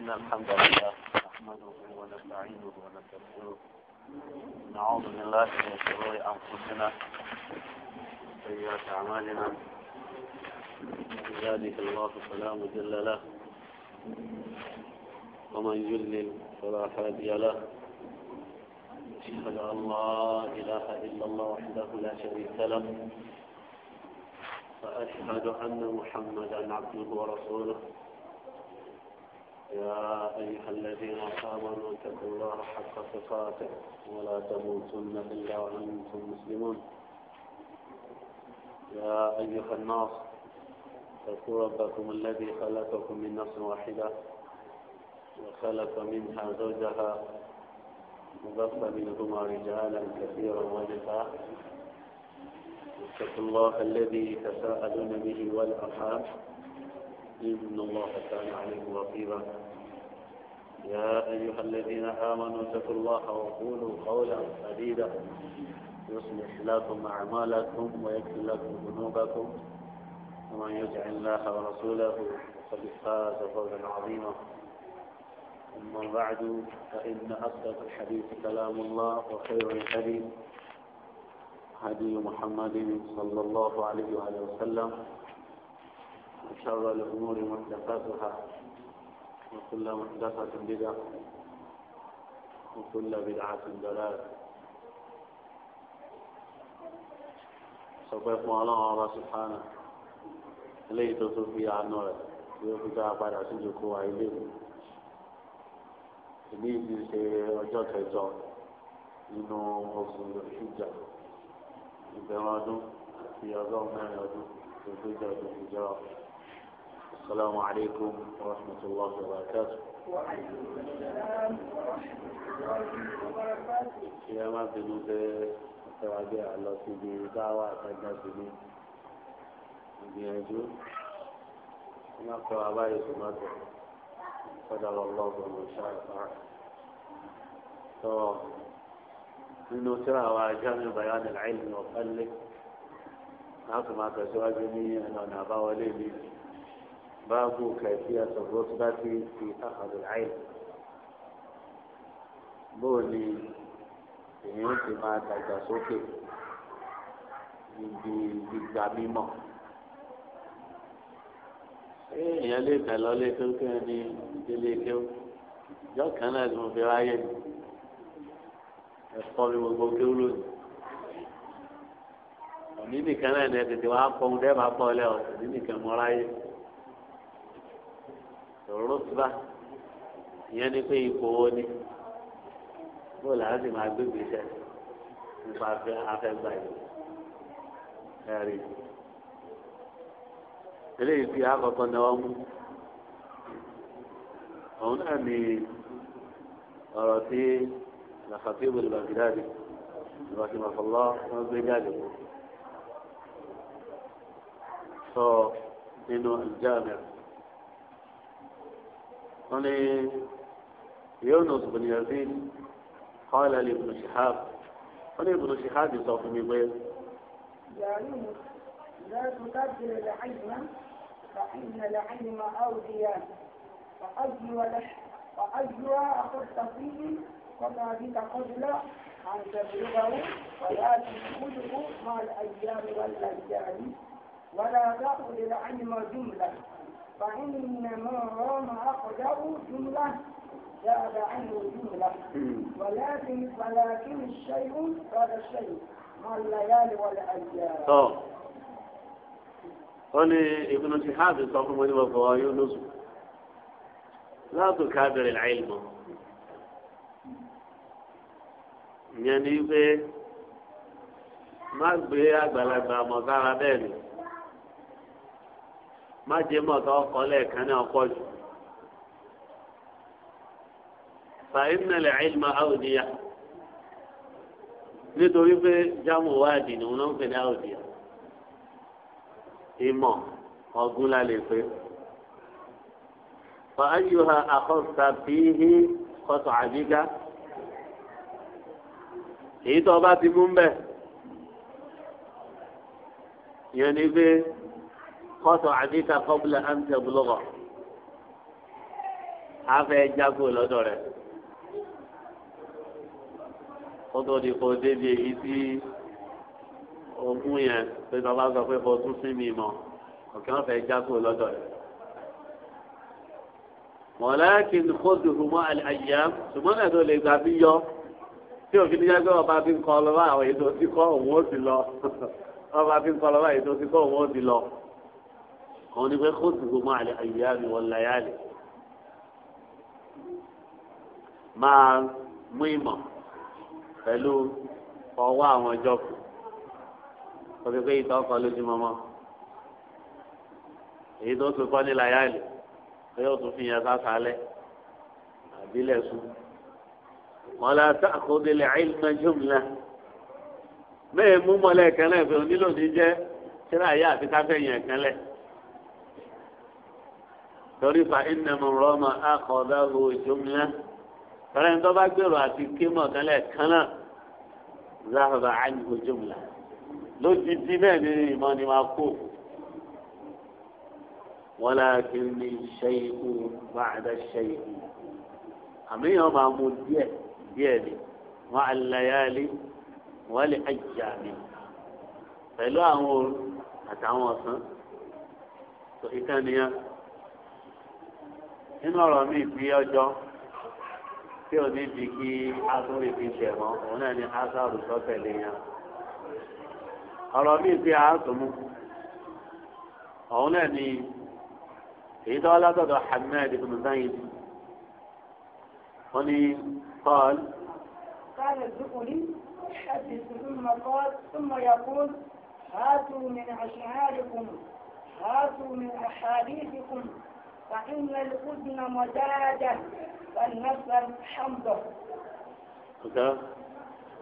إن الحمد لله نحمده ونستعينه ونستغفره نعوذ بالله من شرور أنفسنا وسيئات أعمالنا من الله فلا مضل له ومن يضلل فلا هادي له أشهد أن لا إله إلا الله وحده لا شريك له وأشهد أن محمدا عبده ورسوله يا أيها الذين آمنوا اتقوا الله حق تقاته ولا تموتن إلا وأنتم مسلمون يا أيها الناس اتقوا ربكم الذي خلقكم من نفس واحدة وخلق منها زوجها وبث منهما رجالا كثيرا ونساء اتقوا الله الذي تساءلون به والأرحام إن الله كان عليكم رقيبا يا أيها الذين آمنوا اتقوا الله وقولوا قولا سديدا يصلح لكم أعمالكم ويكفر لكم ذنوبكم ومن يطع الله ورسوله فقد فاز فوزا عظيما أما بعد فإن أصدق الحديث كلام الله وخير الحديث هدي محمد صلى الله عليه وآله وسلم شر الأمور محدثاتها وكل محدثة بدعة وكل بدعة ضلالة سوف يقوم الله على سبحانه لي تصوف في عنوة ويقوم بها بعد عسل كوى إليه إليه بيسي وجد حيثان إنه أصول الحجة إذا ما دون في أظام مانا دون في الحجة دون في جراحة السلام عليكم ورحمة الله وبركاته وعليكم السلام ورحمة الله وبركاته يا ما بنود التوابع التي بدعوة الناسبين بيهجو ونقرأ أبائي فضل الله ومن شاء الله nínú tí àwọn ajánu bayan al-ilm wa fadlihi láti máa tẹ̀síwájú ní ẹnu ọ̀nà باب كيفية الرتبة في أخذ العين بولي èèyàn ti máa dàgbà sókè níbi gbígbà mímọ́ èèyàn lè tẹ̀ lọ́lé tó kẹ́ ní ìdílé kéw ìjọ kan náà ni mo fi ráyè ní ẹ̀kọ́ mi gbogbo kéw lónìí òní nìkan náà ni ẹ tètè wá pọ́n dẹ́ máa pọ́ lẹ́ ọ̀ òní nìkan mo ráyè ní rúbà ìyẹn ni pé ipò wo ni bóòlù á sì máa gbégbé iṣẹ́ nípa afẹ́gbà yìí ẹ̀rí eléyìí fi àkọ́kọ́ náà mú òun náà ni ọ̀rọ̀ tí làkàtí ìbò ìbàgídàdì ìbàkìmọ̀fọ́lọ́ wọn gbé jáde sọ nínú ìjà mẹ́rin. قال يونس بن يزيد قال لابن شهاب قال ابن شهاب يصاف من بيت يا يونس لا تقدر العلم فإن العلم أودية وأجوى وأجوى أخذت فيه وما بك قبل أن تبلغه ولا تدخله مع الأيام والأيام ولا تأخذ العلم جملة فإنما رام أقدر جملة زاد عنه جملة ولكن ولكن الشيء قال الشيء مع الليالي والأيام. قال ابن جهاد صاحب من وفاي لا تكابر العلم يعني ما بيا بلا ما ما قال بيني má jẹ mọtò ọkọ lẹ́ẹ̀kan náà pọ̀ jù fàyínà lè ilmà àwòdìyà nítorí pé jámù wáàdì ni wọn náà ń pè ní àwòdìyà ìmọ̀ ọ̀gùn la lè pè fa ayuha akọsa fihi kọsọ àdìgá èyí tó ọba ti mú bẹ yẹn ni pé kọ́tọ̀ àdìka kọ́bùlà àǹtẹ̀ bùlọ́gọ̀ afẹ́ jago lọ́dọ̀ rẹ̀ kótó di kó débi èyí tí ogún yẹn pé bàbá sọ pé kó tún sí mi mọ́ òkè wọn fẹ́ jago lọ́dọ̀ rẹ̀ mọ̀láàkì kóòtù hùmọ́ àyà ṣùgbọ́n náà tó lè gbà bí yọ tí òfin ní jágbé ọba fi ń kọ́ lọ́wọ́ àwọn èyí tó kọ́ òun ó ti lọ ọba fi ń kọ́ lọ́wọ́ àwọn èyí tó kọ́ òun ó ti lọ àwọn onífẹ́ kó dùgbò máa lè àyíyá mi wọ́n láyà lè máa mú ìmọ̀ pẹ̀lú ọwọ́ àwọn ọjọ́ kù kó fi pé ìtọ́ ọkọ̀ lójúmọmọ èyí tó tún kọ́ ní láyà lè pé ó tún fi yẹn sásálẹ̀ àbílẹ̀ sùn wọn lọ sí àkọọ́dẹ̀lẹ̀ àìlùmọ̀ jùmùlá mẹ́ẹ̀mú mọ́lẹ̀ kan náà onílò ní jẹ́ síra àti káfẹ́ yẹn kan torí fa iná mu rọ́mọ akọ̀ọ́bá wo jùmílá tọ́lẹ̀ tó bá gbèrò àti kémọ̀ tẹ́lẹ̀ kan náà záhùbà ánìkò jùmílá lójijì náà ní ìmọ̀ ni máa kó wọn láti ní ṣẹ́yìnkù bàdá ṣẹ́yìnkù àmìyàn máa mú díẹ̀ díẹ̀ ni wọn àlàyé wọn lè ajá mi pẹ̀lú àwọn òru àtàwọn ọ̀sán tó ìkànnìyàn nínú ọ̀rọ̀ mi ìpín ọjọ́ tí ò ní di kí asúnrì fi ṣẹ̀ mọ́ òun náà ni asáàrù sọ́tẹ̀lé yẹn ọ̀rọ̀ mi ìpín àásùnmù òun náà ni èyí tó látọ̀dọ̀ Ahmed ibn Zayd wọ́n ní paul. كان الذكري يحدث ثم قال ثم يقول هاتوا من أشعاركم هاتوا من أحاديثكم فإن الأذن مجادا والنصر حمده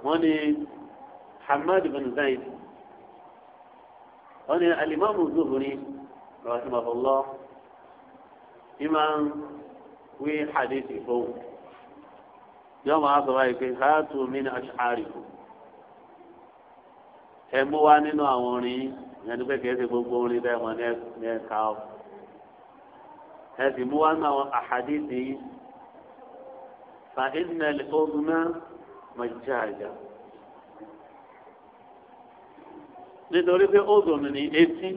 wọ́n ní Hamad bin Zayd wọ́n ní alimami Zuhri rahimahullah imam wí hadithi fún yóò máa sọ wáyé pé hàtú mi ní aṣááríkù ẹ mú wá nínú àwọn orin yẹn ní pé kìí ṣe gbogbo orin bẹ́ẹ̀ mọ́ ní ẹ̀ka ọ́. هذه موانا وأحاديثي فإن الأذن مجاجة nítorí pé ọ̀dùn ní etí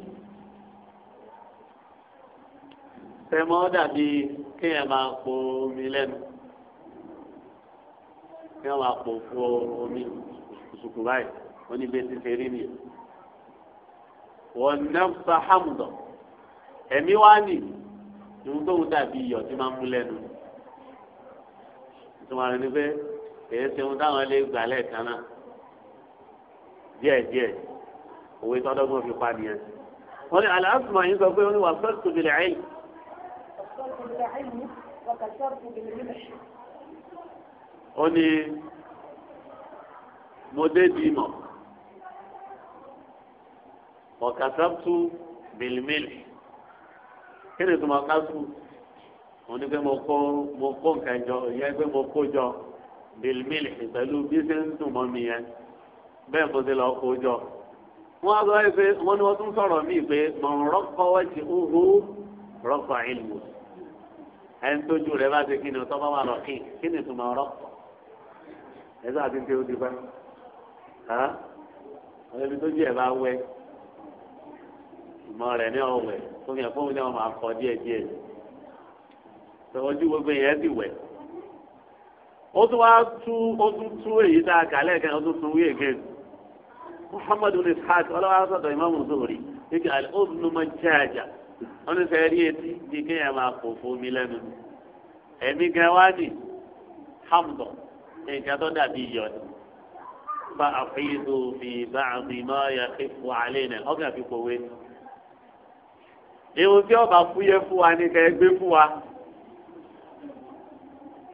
tẹmọ dàbí kéèyàn máa po omi lẹ́nu kéèyàn máa po fún omi kùsùkù báyìí oníbi ti ṣe rí nìyẹn wọn náà fa hàmùdọ ẹmí wá nìyí ìwọ́n tó wù dàbí iyọ̀ tí máa ń mú lẹ́nu ìtumọ̀ rẹ̀ ni pé kèé ṣe ohun táwọn lè gbà lẹ́ẹ̀kan náà díẹ̀díẹ̀ òwe tọ́dọ́gbọ́n fi pa nìyẹn. wọ́n ní aláàtúmọ̀ yìí sọ pé ó ní wà fẹ́ẹ̀tù bìlẹ̀ ẹ̀yìn. ó ní mo dé di mọ̀ ọ̀kàṣàtú bìlìmìlì kí ni tuma kásù mo ní pé mo kó mo kó nǹkan jọ ìyẹn pé mo kó jọ bìlmìlì pẹ̀lú bí ṣe ń dùn mọ́ mi yẹn bẹ́ẹ̀ bó ṣe lọ kó jọ. wọ́n á sọ pé wọ́n ní wọ́n tún sọ̀rọ̀ mí pé mọ̀ ń rọ́kọ̀ wájú uhu rọ́kọ̀ ìlú ẹni tójú rẹ̀ bá ṣe kí ni tọ́ bá wà lọ kí kí ni tuma rọ́kọ̀ ẹ sọ àti tí ó ti bá ọ̀rẹ́bí tójú ẹ̀ bá wẹ ìmọ̀ rẹ̀ ní ọ̀wẹ̀ tó fi hàn fún mi náà máa kọ díẹ̀ díẹ̀ ojú gbogbo yẹn ti wẹ̀ ó tún wá tú ó tún tú èyí tá a kà lẹ́ẹ̀kan ó tún tún wí èké muhammadu bin ishaq ọlọ́wọ́ sọ̀tọ̀ ìmáàmù sórí ike al-udhnu majjaja wọ́n ní sẹ́yìn rí etí bí kéèyàn máa kó fomi lẹ́nu ẹ̀mí gan wá ní hamdọ̀ nǹkan tó dàbí iyọ̀ ni fa àfihàn fi bá àmì máa yà kéfù àlẹ́ náà ọ̀gá fi kọ̀wé ewu tí ọba fúyẹ́ fún wa ní kẹ́ gbé fún wa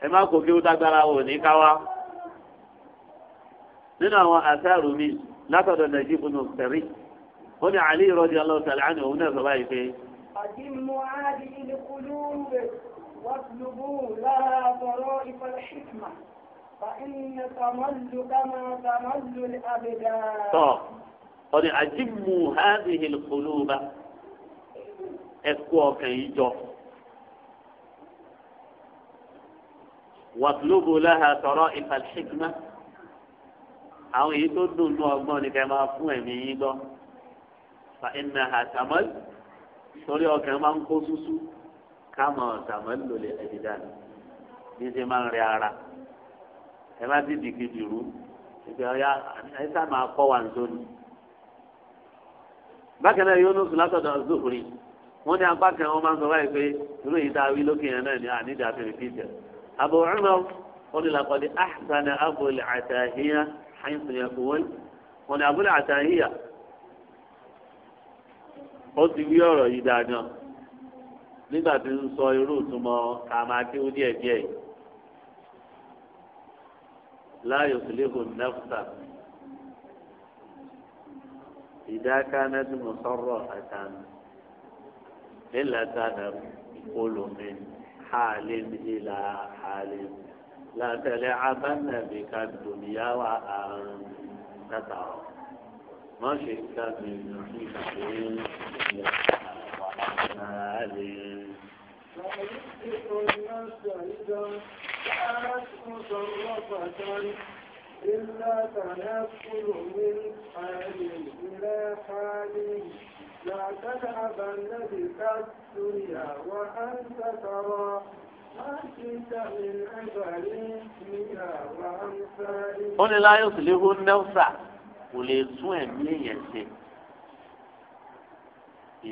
ẹ má kó kí ó dágbára wò ní káwá nínú àwọn àṣàrò mi látọ̀dọ̀ nàìjíríà bùnú sẹ̀rí ó ní àlè ìrọ̀jì ọlọ́ọ̀tàlẹ́ àná òun náà sọ báyìí pé. ọ̀dìmọ̀ àdì ilé kulúùbù wàtúlùbù lára bọ̀rọ̀ ìfọ̀lẹ́ṣìkìmà fàìnì tàmọ́lù kàmá tàmọ́lù àbẹ̀dà. tọ́ ọ ní àjìmù hàdìhìl kulúùbù. ẹkú ọkàn yìí jọ. wàtúlùbù láha tọrọ àwọn èyí tó dùn ní ọgbọ́n ni kẹ́ máa fún ẹ̀mí yín gbọ́. fa iná ha torí ọkàn máa ń kó lòlẹ̀ bí ṣe máa ń ara ẹ ti dìgbì dìrú ìgbà ọ̀yà wọ́n ní apá kan wọ́n máa ń sọ báyìí pé irú yìí tá a wí lókè yẹn náà ni àníjà fèrè fìjà Abu Umar wọ́n ní làkọ́dé ahsana Abul Atahiya àyìnsìn ẹ̀kọ́ wọ́n ní Abul Atahiya ó ti wí ọ̀rọ̀ yìí dáadáa nígbà tí ń sọ irú ìtumọ̀ ó díẹ̀ díẹ̀ yìí láàyò ìdáká إلا كان كل من حال إلى حال لا تلعبن بك الدنيا وأن تتعب ما شئت من حيث وأعمال إلا تنقل من حال إلى حال لا تذهبن بك الدنيا وأنت ترى ó ní láyé òsìléhu nẹ́wùsà kò lè tún ẹ̀mí èèyàn ṣe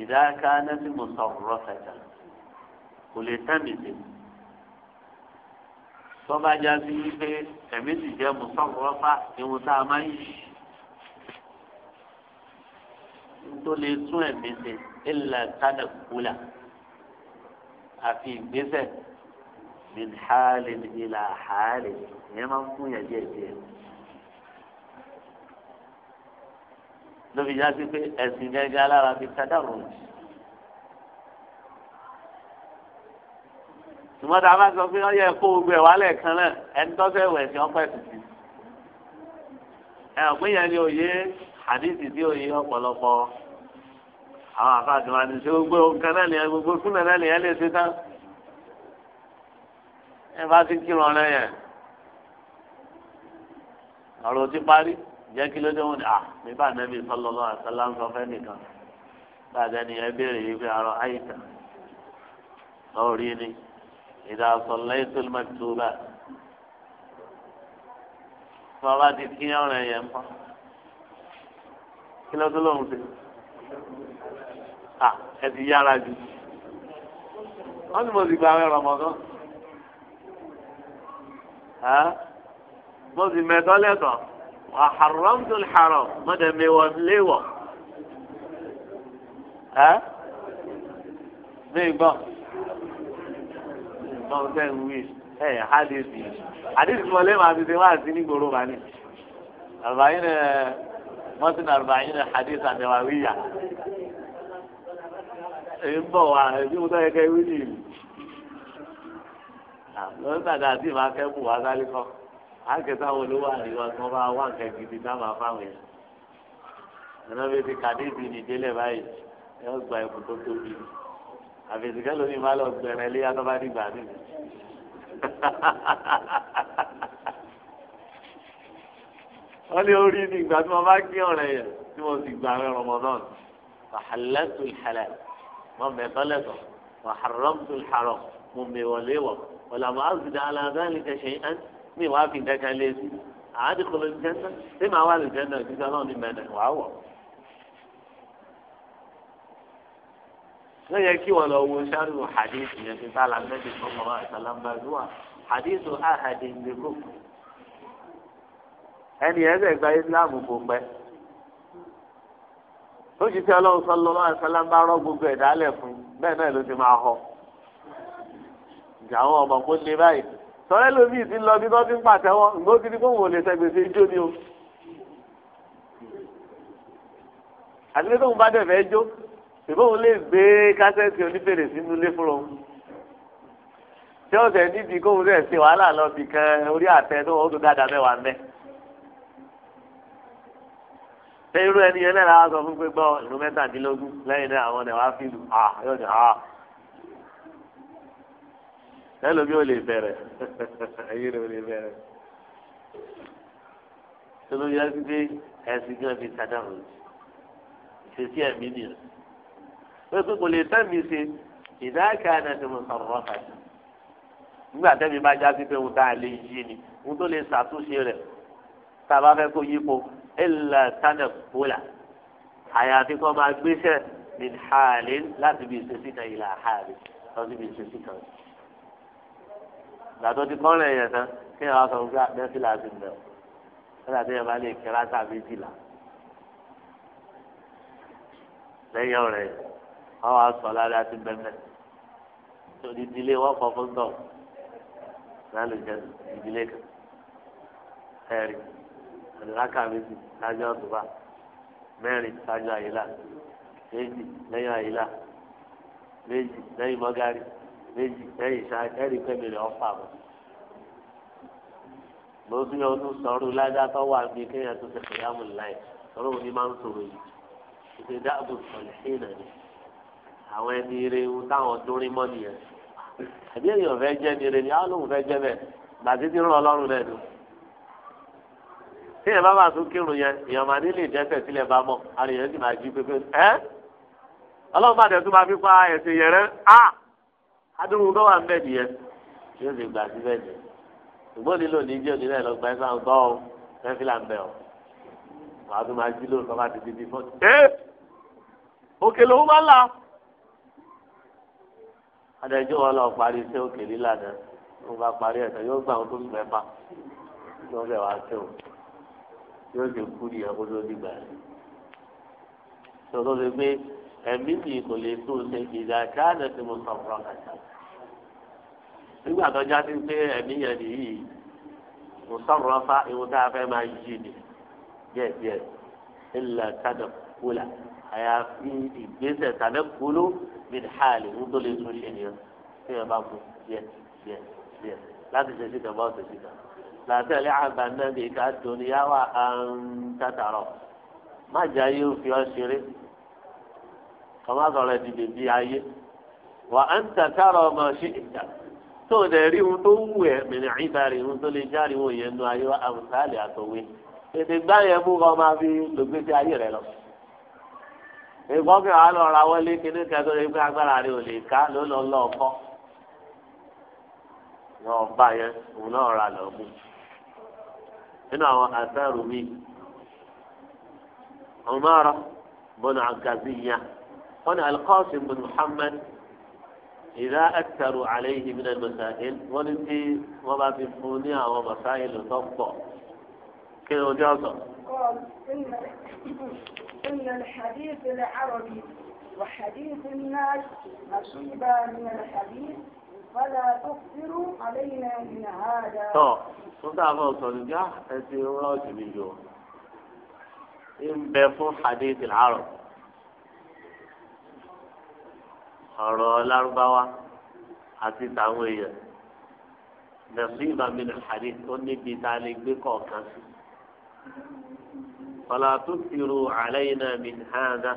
ìdáká nẹ́bí mọ̀sá ọ̀rọ̀ kẹta kò lè tẹ́mi ṣe tọ́ba já sí wípé ẹ̀mí sì jẹ́ mọ̀sá ọ̀rọ̀ fà ìwọ̀n tá a máa ń yí tó lè tún ẹ̀mí ṣe ilà tánà kúlà àfi ìgbésẹ̀ min hali ila hali ìyẹn máa ń fún yàn díẹ̀ díẹ̀ lóbi já sí pé ẹ̀sìn gẹ́gẹ́ alára fi kádàrú ṣùgbọ́n tá a máa sọ pé ó kan náà ẹni tó fẹ́ wẹ̀ sí ọ́pẹ́ ni òye àdìsí tí ó yí ọ̀pọ̀lọpọ̀ àwọn àfàdùn àdìsí gbogbo nǹkan náà nìyẹn gbogbo súnà náà nìyẹn lè ṣe tán ẹ bá ti kírun ọ̀rẹ́ yẹn ọ̀rọ̀ ti parí jẹ́ kí ló dé wọn à nígbà nẹ́bí sọlọ́lọ́ àtàlà ń sọ fẹ́ nìkan dáadáa nìyẹn béèrè yìí pé àrọ àyíká lọ́ọ̀rí ni ìdásọ̀ lẹ́yìn tó lọ́ọ́ tó bá tọ́ba ti kí ọ̀rẹ́ yẹn pọ́n kí ló tó lóun ṣe à ẹ ti yára jù wọn ni mo sì gba àwọn Ramadan mo sì mẹtọ lẹtọ wà haram tó haram mo dẹ mẹwọ léwọ mi gbọ́ gbọ́ sẹ́yìn wí ẹ̀ hádìsì hádìsì mọ̀lẹ́ màá ti ṣe wá sí nígboro bá ní àbáyé náà wọ́n sì nàrùbá yín ní hadith àtẹwàwíyà èyí ń bọ̀ wá èyí mo tọ́ yẹ kẹ́ wí nìyí lọ́wọ́ sàdá àti ìmọ̀ akẹ́kọ̀ọ́ wa sáré kọ́ àkẹ́kọ̀ọ́ àwọn olówó àríwá tí wọ́n bá wà nǹkan gidi dáhùn afáwọn yẹn ẹ̀rọ bíi ti kàdébì nìdélẹ̀ báyìí yóò gba ẹ̀kú tó tóbi àfẹsìkẹ́ lómi máa lọ gbẹ̀rẹ̀ lé yàtọ̀ bá dìgbà nìyí. wọ́n lé orí ní ìgbà tí wọ́n bá gbé ọ̀rẹ́ yẹn tí wọ́n sì gba àwọn Ramadan fàhálàtù halal wọ́n bẹ̀ tọ́lẹ̀tọ̀ wàhárọ́mtù haram mo mè wọlé wọ̀ wọ́n làmú àzùdá aláàbẹ̀lì kẹsẹ̀ ẹ̀ mi wàá fi kankan lé sí àádì kọlọ jẹ́nà ṣé màá wà lè jẹ́nà ìdíjà náà ní mẹ́nà wàá wọ̀. lẹ́yìn kí wọ́n lọ wo sáré ẹni ẹsẹ̀ gba islam kò pẹ́ lójú tí ọlọ́run sọlọ́ máa sọlá ń bá rọ́ gbogbo ẹ̀dá lẹ̀ fún bẹ́ẹ̀ náà ló ti máa họ ìjàwọn ọmọ kó lé báyìí sọ̀rọ̀ lómii ti lọ bí wọ́n ti ń pàtẹ́wọ́ ǹgbọ́n ti ní kó wò lè sẹ́gbèsè ijó ni o àti pé tóun bá dẹ̀ fẹ́ jó ṣùgbọ́n òun lè gbé kásẹ́ẹ̀tì oníbèrè sínú ilé fúnra òun tí ọ̀sẹ̀ níbi kóun rẹ̀ ṣe wàhálà lọ bìkan orí àtẹ tó wọn ó tó dáadáa mẹ́wàá mẹ́ ṣé irú ẹni yẹn lẹ́la sọ fún pé gbọ́ ìlú mẹ́tàdínlógún lẹ́yìn náà àwọn ọ̀nà wá fílù à yóò ní à ẹlòmí ò lè bẹ̀rẹ̀ ẹ̀yin ò lè bẹ̀rẹ̀ tolu yẹ pé ẹ̀sìn gan fi tàdá rò ìṣesí ẹ̀mí nìyẹn pé pé kò lè tẹ́mi ṣe ìdáàkà náà ti mú sọ̀rọ̀ ọ̀tà jù nígbà tẹ́mi bá já sí pé òun tá a lè yí ni òun tó lè ṣàtúnṣe rẹ̀ tá a bá fẹ́ kó yípo ilà tánà kúlà àyàfi kọ́ máa gbéṣẹ́ min hàlẹ́ láti bí ìṣesí kan ìlà hàlẹ́ láti bí ìṣesí kan. gbàtọ́ ti kọ́ lẹ́yìn ẹ̀sán kí ẹ̀ wá sọ fún bẹ́ẹ̀ sí láti mẹ́ o nígbà tí ẹ̀ bá lè kẹ́ra sáà méjìlá lẹ́yìn ọ̀rẹ́ wọ́n wá sọ lára ti bẹ́ẹ̀ torí ìdílé wọn kọ fún tọ̀ lálùjẹ ìdílé kan àdìrákà méjì ṣáájú àtúbà mẹ́rin ṣáájú àyílà méjì lẹ́yìn àyílà méjì lẹ́yìn mọ́gárì méjì lẹ́yìn ṣáà ẹ̀rí pẹ́mìlẹ̀ ọ̀fà mọ́. lóṣù yẹn ọdún sọ̀rọ̀ ládàtọ̀ wà bíi kéèyàn tó ṣe kìyàmù láì sọ̀rọ̀ òní máa ń sọ̀rọ̀ yìí ṣe dáàbò sọ̀lẹ̀ sí ìnà ni àwọn ẹni ire ń táwọn dúnrín mọ́ nìyẹn àbí èèyàn fẹ́ jẹ́ ni ire ni á lóun fẹ́ jẹ́ bẹ́ẹ̀ gbàdídì rán ọlọ́run lẹ́nu tí yẹn bá bá tún kírun yẹn èèyàn máa nílé ìdẹ́sẹ̀ sílẹ̀ bá mọ̀ àrùn yẹn sì máa jí pépé ẹ́ ọlọ́run bá tẹ̀sùn máa fi pa ẹ̀sìn yẹn rẹ́ á adúrú tó wà ń bẹ̀ nìyẹn yóò lè gbà síbẹ̀ nìyẹn ṣùgbọ́n nílò ní jẹ́ onílẹ̀ lọ́gbà ẹ̀ sáà ń gbọ́ ọ fẹ́fí là ń bẹ̀ ọ wàá tún máa jí lóru tó bá ti di bí fọ́ ẹ́ òkèlè ó máa ń là adájọ́ wọn lọ parí iṣẹ́ òkèlè lánàá bá parí ẹ̀sán wọn tó yóò ṣe kú ní ẹ̀kọ́ tó dìgbà rẹ̀. sọ̀rọ̀ mi pé ẹ̀mí mi kò lè tó ṣe ìdáká lè ti mo sọ fún ọ̀kàtà. nígbà tó já sí pé ẹ̀mí yẹn nìyí mo sọ̀rọ̀ fa ewu tá a fẹ́ máa yí ni díẹ̀díẹ̀ ńlá tádà kúlà àyàfi ìgbésẹ̀ tàbí kúló bíi ń tó lè tún ṣe nìyẹn tí yẹn bá kú díẹ̀ díẹ̀ díẹ̀ láti ṣe síta bá ọ̀sẹ̀ síta làtẹ̀lé àbànàbì ká dùnìyàwó àǹtàtàrọ̀ má jẹ́ ayé òfin ọ̀ṣẹ̀rẹ̀ kọ́má sọ̀rọ̀ ìdìbò bíi ayé wà àǹtàtàrọ̀ ọmọ ṣì ìjà tó o dẹ̀ rí ohun tó wù ẹ́ mìíràn ìbárí ohun tó lè járe wọn yẹn nu ayé àmùsálì àtọ̀wé ètè gbá yẹn mú kọ́ máa fi lògbèsè ayé rẹ lọ. ìgbọ́n kí wàá lọ ra wọlé kíní kẹtọ́ ní agbára rẹ ò lè ká ló lọ lọ́ọ̀kọ́. yẹn òun náà ra lọ́ọ̀kùn. هنا وآثار مين عمارة بن عكازية هنا القاسم بن محمد إذا أثروا عليه من المسائل ولدي وما في الدنيا ومسائل تبقى كده وجاوزة قال إن إن الحديث العربي وحديث الناس نصيبا من الحديث فلا تكثروا علينا من هذا tọ́ fún táwọn ọ̀sọ̀rọ̀ já ẹsẹ̀ rọ́ọ̀jù mi jọ ń bẹ fún hadith al-arab ọ̀rọ̀ lárúbáwá àti tàwọn èèyàn nasiba min hadith tó níbi tá a lè gbé kọ̀ọ̀kan sí. fala tukthiru alayna min hadha.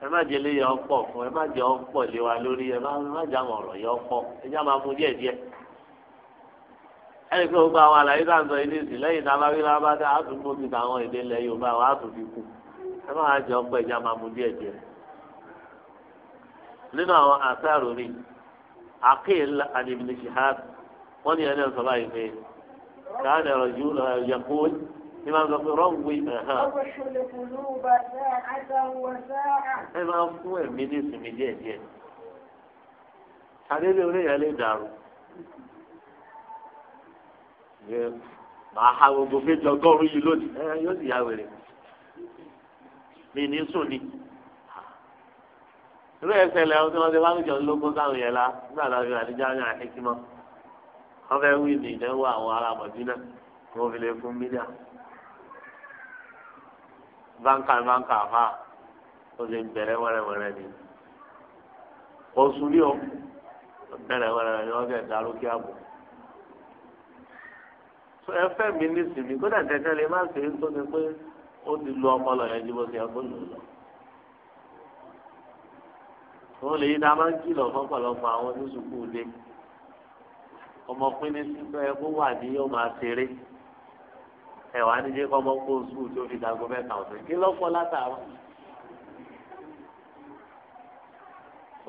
ẹ má jẹ lé yẹn pọ̀ fún ẹ má jẹ ọ lé wa lórí ẹ má má jẹ àwọn ọ̀rọ̀ yẹn pọ̀ ẹ já máa mú díẹ̀ ẹnì pé gbogbo àwọn àlàyé náà sọ ilé ìsìn lẹ́yìn tá bá rí lábá dá a tún gbóbi táwọn èdè ilẹ̀ Yorùbá wa á tún ẹ má jẹ ọ ẹ já máa mú díẹ̀ nínú àwọn àṣàrò rí akéèl àdìmìlì wọn ni ẹni ọ̀sán báyìí pé káàdì ọ̀rọ̀ yìí ní máa ń sọ pé rọ́ọ̀wé ẹ̀hán. ẹ máa fún ẹ̀mí ní ìsinmi díẹ̀ díẹ̀. àdéhùn oníyàn lè dàrú. màá ha gbogbo fẹ́ jọ gọ́ọ̀rù yìí lónìí ẹ yóò sì yá wèrè. mi ní sùn ni. irú ẹsẹ̀ lẹ́yìn tí wọ́n ti bá ń jọ lógún sáwọn yẹn la nígbà tó a fi àdíjà ní àhẹ́kímọ́. wọ́n fẹ́ wí ní ìdánwò àwọn ará mọ̀dínà kí fi lè fún mílíọ̀nù báńkà báńkà fa ó lè bẹ̀rẹ̀ wẹ́rẹ́wẹ́rẹ́ ni oṣù rí o bẹ̀rẹ̀ wẹ́rẹ́wẹ́rẹ́ ni wọ́n fẹ́ darú kí á bọ̀ ẹ fẹ́ mi nísìnyí kódà kẹ̀kẹ́ lè má ṣe é tó ni pé ó ti lu ọpọlọ yẹn ju bó ṣe ẹkọ lò lọ. wọ́n lè yí dá máa ń kìlọ̀ fọ́pọ̀lọpọ̀ àwọn oníṣùkú ilé ọmọkùnrin sí pé ẹkú wà ní yóò máa ṣeré. ẹ̀wà níjẹ́ kọ́ mọ́ kó sùúrù tó fi dàgbọ́ mẹ́ta ọ̀sẹ̀ kí lọ́pọ̀ látàárọ̀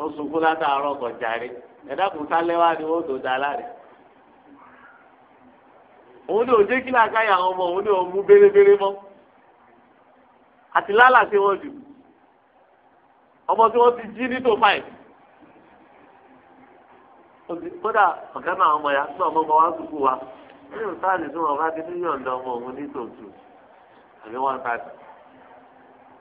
ó sunkún látàárọ̀ kọjáre ẹ̀dá kò wá ni wọ́n tó da o òun ni òjé kí làákàyà àwọn ọmọ òun ni òun mú mọ mọ́ àti lálà tí wọ́n jù ọmọ tí ti jí ní tó fàì kódà ọ̀gá náà ọmọ ya tí ọmọ ọmọ wa ní ìsáàlì tí wọn bá ti ní yọ̀ǹda ọmọ òun ní tòótù àbí wọn ta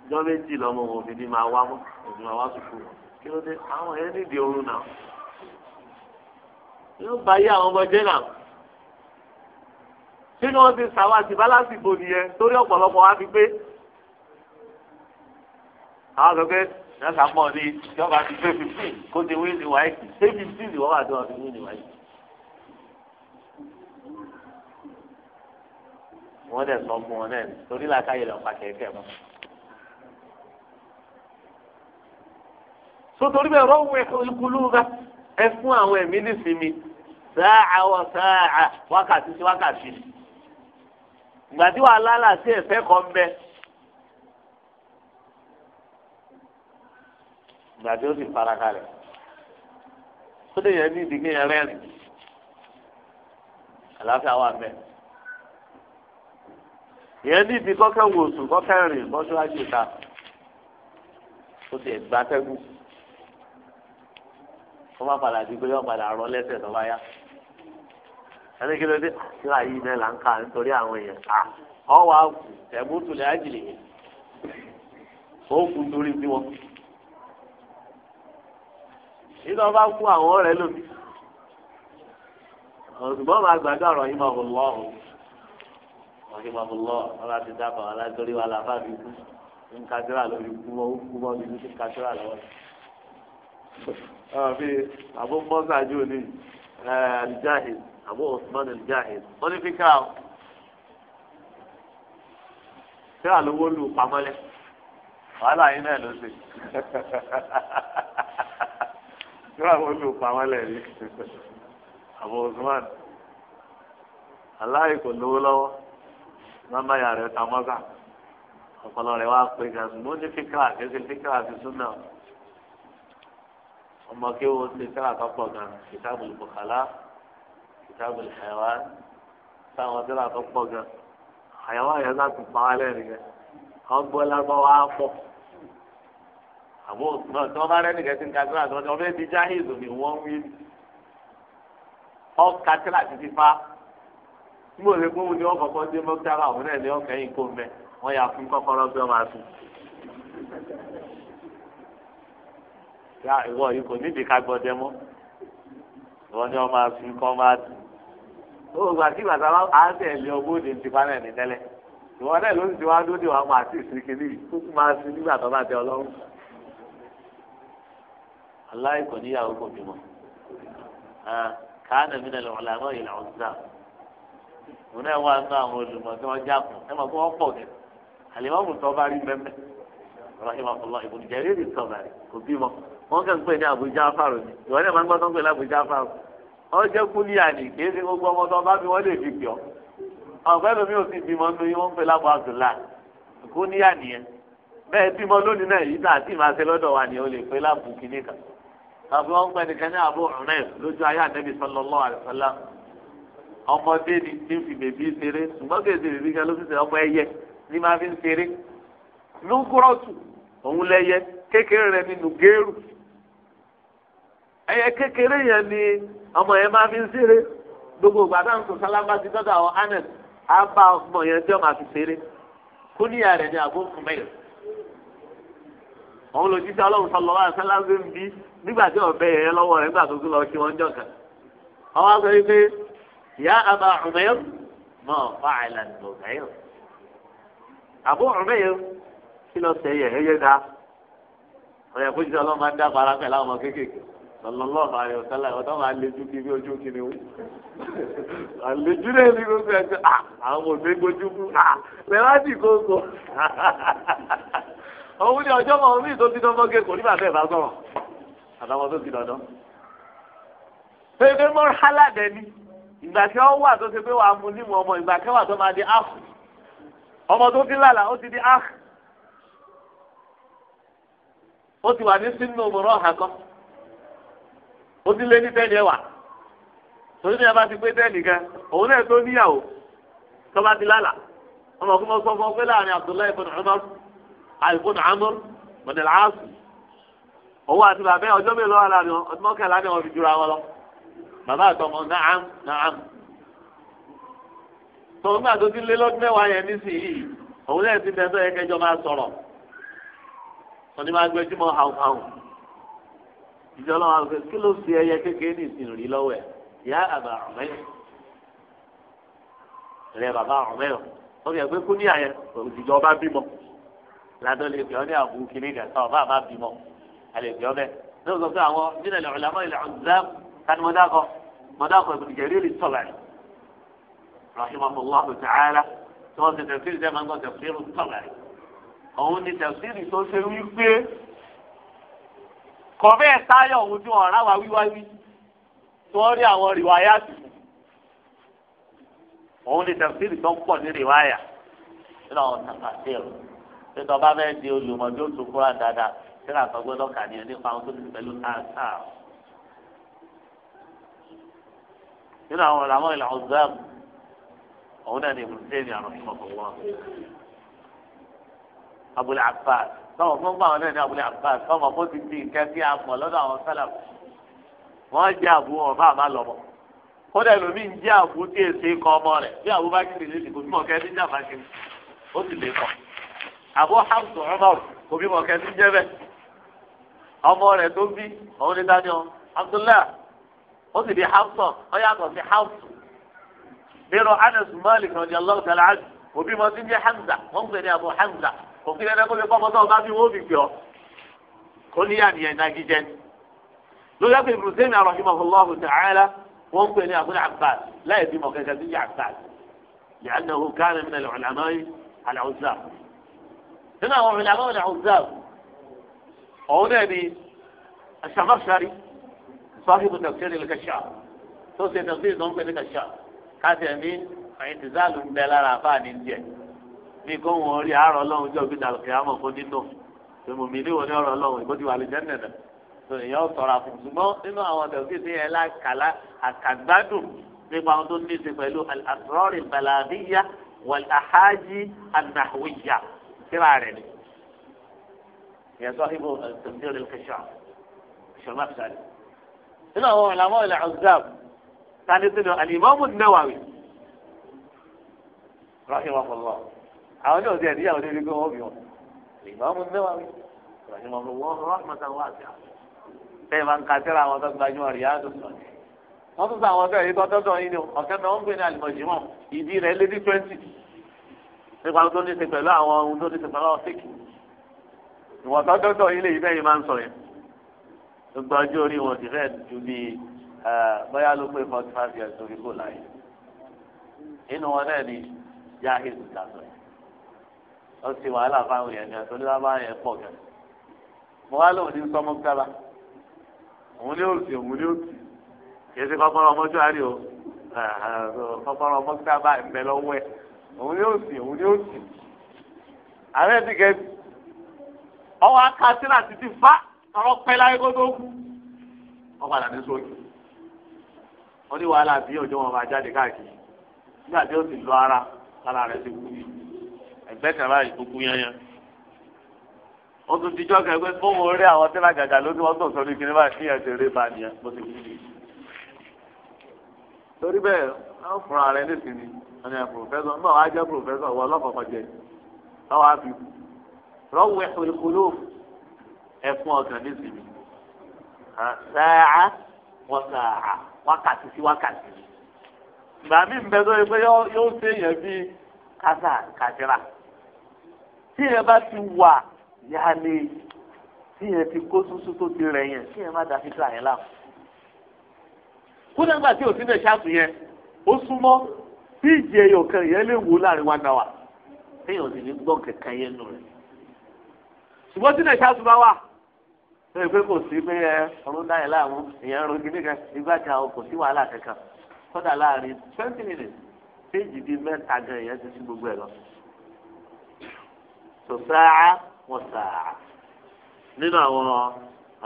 jọ méjì lọmọ òun òbí ni máa wá mọ òbí máa wá sùkú kí ló dé àwọn yẹn nídìí oorun náà yóò bá yé àwọn ọmọdé náà sínú wọn ti sàwọn àtìbá lásìkò nìyẹn torí ọ̀pọ̀lọpọ̀ wá fi gbé àwọn sọ pé lọ́sàmọ́ ni ìjọba ti gbé fifteen kó ti wí ní wáyé fifteen ni wọ́n wà tí wọ́n fi wí ní wáyé. wọ́n dẹ̀ sọ fún wọn náà torí làákàyè lọ pa kẹ̀kẹ́ mọ́. sotori bẹ rọwẹ olukuluba ẹ fún àwọn ẹ̀mí nísìmí sáà wọ sáà wákàtí sí wákàtí gbàdí wàhálà láti ẹ̀fẹ́ kan bẹ́ẹ̀. gbàdé ó sì fara kalẹ̀ ó lè yẹn ní ìdílé yẹn rẹ́rìn àlàáfíà wà mẹ́. ìyẹn níbi kọ́kẹ́ wò sùn kọ́kẹ́ rìn mọ́ṣáájú ìta ó ti wọ́n padà di pé yọ padà rọ lẹ́sẹ̀ tó bá yá ẹni kí ló dé síra yìí náà là ń kà nítorí àwọn èèyàn à ọ wà tẹ̀mútù lẹ́yìn àjèlè yẹn ó kú torí bí wọn. nínú kú àwọn ọ̀rẹ́ lómi ọ̀sùnbọ́n máa ọ̀rọ̀ rahimahullah wọn bá ti dábàá wọn alájọrí wa làbá mi kú ń kásírà lórí kú mọ́ kú mọ́ mi ní kásírà lọ́wọ́. ọ̀bí àbó mọ́sájú ni alijahid àbó Usman alijahid wọ́n ní fíkà ó síra lówó lù pamọ́lẹ́ wàhálà yín náà ló ṣe síra lówó lù pamọ́lẹ́ rí àbó Usman aláì lówó lọ́wọ́ màmá yà rẹ̀ ta mọ́gà ọ̀pọ̀lọ rẹ̀ wá pé gà ṣùgbọ́n ní fíkà kéṣe fíkà ti súnà ọmọ kí wọ́n ti tẹ́lá tọ́pọ̀ gan kìtàbùl bùkálá kìtàbùl hẹ̀wá táwọn tẹ́lá tọ́pọ̀ gan àyẹ̀wò àyẹ̀ náà ti pa wálẹ̀ nìyẹn ọgbọ́n lágbọ́wọ́ á pọ̀ àmọ́ náà tí wọ́n bá rẹ́ nìkan ti ń ka sílá tí wọ́n ti ọbẹ̀ ti jáhìzù ni wọ́n wí ọkà sílá ti ti fa níbo lè gbóhùn ni wọ́n kọ́kọ́ dé mọ́tàrà òun náà ni wọ́n kẹ́yìn kó mẹ́ wọ́n yà fún kọ́kọ́rọ́ bí wọ́n máa sùn. yá ìwọ yìí kò nídìí ká gbọdẹ mọ́ wọ́n ní wọ́n máa sùn kọ́ máa dùn. ó gbà kí bàtà bá á tẹ̀lé ọgbó de ti pa náà ní tẹ́lẹ̀ ìwọ náà ló ń ti wá lóde wàá máa sì sí kiri tó máa sí nígbà tó bá tẹ ọlọ́run. aláìkò níyàwó kò bímọ ah, kánà òun náà wà nínú àwọn olùmọ̀ tí wọ́n jákun ẹ mọ̀ pé wọ́n pọ̀ gẹ̀ àlèmọ́mù tó bá rí mẹ́mẹ́ rahimahullah ibùdó jẹ́rí rí sọ̀rọ̀ kò bímọ wọ́n kàn ń pè ní àbújá afárò ni ìwọ náà máa ń gbọ́ tó ń pè ní àbújá afárò wọ́n jẹ́ kúlíà ní kìí ṣe gbogbo ọmọ tó bá bí wọ́n lè fi pìọ́ ọ̀gbẹ́ mi ò sì bímọ nínú yín wọ́n ń pè lábọ́ àdùlá kúlíà nìyẹn bẹ́ẹ̀ bímọ lónìí náà yìí tààtì máa ṣe lọ́dọ̀ wa ni ó lè pè lábùkínì kan tàbí wọ́n ń pẹ́ nìkan ní àbúrò náà lójú ayé àdẹ́bí sallallahu alaihi ọmọdé ni tí ń fi bèbí ṣeré ṣùgbọ́n kì í ṣe bèbí kan ló fi ṣe ọmọ ẹyẹ ní máa fi ń ṣeré nùkúrọ̀tù òun lẹyẹ kékeré rẹ ni nùgẹ́rù ẹyẹ kékeré yẹn ni ọmọ yẹn máa fi ń ṣeré gbogbo gbàdá ń sọ sálábà ti dọ́dọ̀ àwọn anet á bá ọmọ yẹn tí ọmọ àfi ṣeré kúníyà rẹ ni àbó fún mẹ́yìn òun lòdì sí ọlọ́run sọlọ wá sálábà ń bí nígbà tí ọ̀bẹ yẹn lọ́wọ́ rẹ̀ nígbà tó tún lọ يا أبا عمير ما فعل النبير أبو عمير كلا سيئة هي دا ويقول صلى الله عليه وسلم بارك الله ما كيكيك صلى الله عليه وسلم وطبعا علي جوكي بيو جوكي نوي علي جوكي بيو جوكي نوي àwọn òṣèlú jùkú lẹ́wàdì kókó òun ni ọjọ́ mọ̀ ní ìtòsí tó mọ́gé kò nígbà bẹ́ẹ̀ bá sọ̀rọ̀ àtàwọn tó ti dandan. pépé mọ́rálà dẹni ìgbà ọwụwa wọn wà tó ṣe pé wàá mu nímú ọmọ ìgbà ahụ tó máa di af ọmọ tó ti lálà ó ti di af ó ti wà ní sínú òmùrọ̀ ọ̀hà kan ó ti lé ní tẹ́lì ẹ̀wà torí ní ti pé òun náà níyàwó tó bá ti ọ pé láàrin òun àti bàbá ọjọ́ mélòó wà láàrin ọdún mọ́kànlá bàbá àtọmọ naam naam tòun náà tó ti lé lọ́dún mẹ́wàá yẹn nísìnyí òun náà ti bẹ̀rẹ̀ yẹ kẹjọ máa sọ̀rọ̀ òní máa gbẹjú mọ́ hàùhàù ìjọ lọ́wọ́ àwọn kí ló ṣe ẹyẹ kékeré ní ìsìn rí lọ́wọ́ ẹ̀ yá àbà ọ̀mẹ́ rẹ bàbá ọ̀mẹ́ ọ̀ ọ̀bí ẹgbẹ́ kú ní àyẹ òjìjọ ọba bímọ ládọ́ lè fi ọ́ ní àbúrú kìnìkan ọba àbá bímọ àlè fi ọ́ bẹ́ẹ̀ lóòótọ́ pé àwọn nílẹ̀ ìlànà ìlànà tani mo dákọ mo dákọ Ibn Jarir at-Tabari rahimahullahu ta'ala tí wọ́n ti tafsiri sẹ́ máa ń gbọ́ tafsiri at-Tabari òun ni tafsiri tó ṣe wí pé kọ̀ọ̀bẹ́ẹ̀ táyọ̀ òun tí wọ́n rà wá wíwáwí tí wọ́n rí àwọn rìwáyà sí òun ni tafsiri tó ń pọ̀ ní rìwáyà nínú àwọn tafsiri tí tọ́ bá fẹ́ di olùmọ̀dé ó tún kúrò dáadáa tí nínú àwọn ọ̀làmọ́ ìlà ọ̀gbẹ́m òun náà ní ìmùsùlùmí àrùn ìmọ̀kànwọ́ abúlé abbas sọmọ fún gbà wọn náà ní abúlé abbas sọmọ fún ti di nǹkan tí a mọ̀ lọ́dọ̀ àwọn sálàm wọ́n jẹ́ àbú wọn bá àmà lọ́mọ kódà lómi ń jẹ́ àbú tí èsè kọ ọmọ rẹ̀ bí àbú bá kiri lé kò bímọ kẹ́ẹ́ níjà bá kiri ó sì lè kọ àbú hamdu ọmọ kò bímọ kẹ́ẹ́ níjẹ́ bẹ́ẹ̀ ọmọ rẹ̀ tó bí òun ní dáníọ́ abdullahi ó sì di hafsọ ó yàtọ̀ sí hafsu nínú anas malik radiyallahu ta'ala anhu òbí mọ sí ní hamza wọn gbé ní abu hamza òbí rẹ kó fi kọ́mọ tó ọba bí wọn ó fi gbìọ kó ní àníyàn náà jíjẹ ni lórí ẹgbẹ ibùdó sẹmi rahimahullahu ta'ala wọn gbé ní abu abbas láì bímọ kẹkẹ sí abbas li'annahu kana min al-ulama'i al-uzzab nínú àwọn ulama'i al-uzzab òun náà ni ash sọ́ọ́kì tó tẹ̀síọ́ nílùú kẹṣà tó ṣe tẹ̀síọ́ tó ń pè ní kẹṣà káṣẹ̀ ní ìtìzáàlù ń bẹ lára àbá ní díẹ̀ bí kò wọ́n rí àárọ̀ ọlọ́run jọ gbígbà lọ́kẹ́ àmọ́ fún nínú tòmùmí ní wọlé ọ̀rọ̀ ọlọ́run ìbò ti wà lójẹ́ nẹ̀nà tó èèyàn sọ̀rọ̀ àfún ṣùgbọ́n nínú àwọn tẹ̀síọ́ ti yẹn lákàlá àkàgbádùn nípa àwọn tó ní í ṣe pẹ̀lú àtúrọ́rì bàlàdíyà wàlàhájì ànàwìyà síra rẹ̀ ni. ìyẹn sọ́ọ́ ibò tòmùmí ò nínú àwọn ọ̀làmọ́ ilẹ̀ ọ̀gbàm tani sínú alimọ́mù Nawawi rahimahullah àwọn náà ti ẹ̀ níyàwó débi gbé wọn bí wọn alimọ́mù Nawahi rahimahullah rahmatan wasi'a bẹ́ẹ̀ máa ń ka síra àwọn tó gbajúmọ̀ Riyadus Salihin wọ́n tún sọ àwọn ọ̀dọ́ yìí tọ́tọ́tọ́ yìí ni ọ̀kẹ́ náà ń gbé ní àlùmọ̀jìmọ̀ ìdí rẹ̀ lé ní twenty nípa tó ní ṣe pẹ̀lú àwọn ohun tó ní ṣe pẹ̀lú àwọn fíkì ìwọ̀n tọ́tọ́tọ́ yìí lè yí bẹ́ẹ̀ yìí máa ń sọ yẹn gbogbo ọjọ́ orí wọn ti fẹ́ ju bí bóyá ló pé forty five years torí kò láyé inú wọn náà ni yahid dàtọ̀ yìí ó ti wàhálà fáwọn èèyàn kan tó ní lábá yẹn pọ̀ gan mo wá lóun ní sọmọ gbára òun ní òsì òun ní òsì kì í ṣe kọ́kọ́rọ́ ọmọdé àárẹ̀ o kọ́kọ́rọ́ ọmọdé àbá ẹ̀mẹ́ lọ́wọ́ ẹ̀ òun ní òsì òun ní òsì àárẹ̀ ti kẹ́ ọwọ́ akásílà títí fá ọ̀rọ̀ pẹ́ láyé kó tó kú wọ́n padà ní sóògì ní wàhálà bí ọjọ́ wọn máa jáde káàkiri nígbà tí ó sì lọ ara lára rẹ̀ ti wú ni ẹgbẹ́ kan báyìí kúkú yányán ó tún ti jọ́ kẹ́gbẹ́ fóun orí àwọn tẹ́lá gàgà ló ní wọ́n tàn sọ́dún kìnìún báyìí kíyàn ti rí ba nìyẹn bó ti kú torí bẹ́ẹ̀ wọ́n fúnra rẹ̀ nísìnyí wọ́n ní ẹ̀ pòfẹ́sọ̀ náà wọ́n á jẹ́ pòfẹ́sọ̀ wọ́n ọlọ́kọ̀ọ̀kọ̀ jẹ́ wọ́n á fi rọ́wọ́ ẹ̀ ẹ fún ọkàn ní ìsinmi sáà wọ́n sáà wákàtí sí wákàtí ìgbà mí bẹ tó yẹ pé yóò ṣe yẹn bí kásá kàdíra tí yẹn bá ti wà yá ni tí yẹn ti kó súnsún tó ti rẹ̀ yẹn tí yẹn má da fitra yẹn láàmú. kúndà ńgbà tí òsínà ṣáàtù yẹn ó súnmọ́ bí ìjì ẹyọ kan yẹn lè wò láàrin wa náà wà téèyàn sì ní gbọ́n kẹ̀kẹ́ yẹn nù rẹ̀ ṣùgbọ́n tí nàìjíríà tún bá wà ṣé ìpè kò sí pé ẹ ọ̀run dá yẹn láàmú ìyẹn ro gidi kan ìgbà kan o kò sí wàhálà kankan kódà láàrin twenty minutes péjì bíi mẹ́ta gan ìyẹn ti sí gbogbo ẹ̀ lọ. tó sáà wọ́n sáà nínú àwọn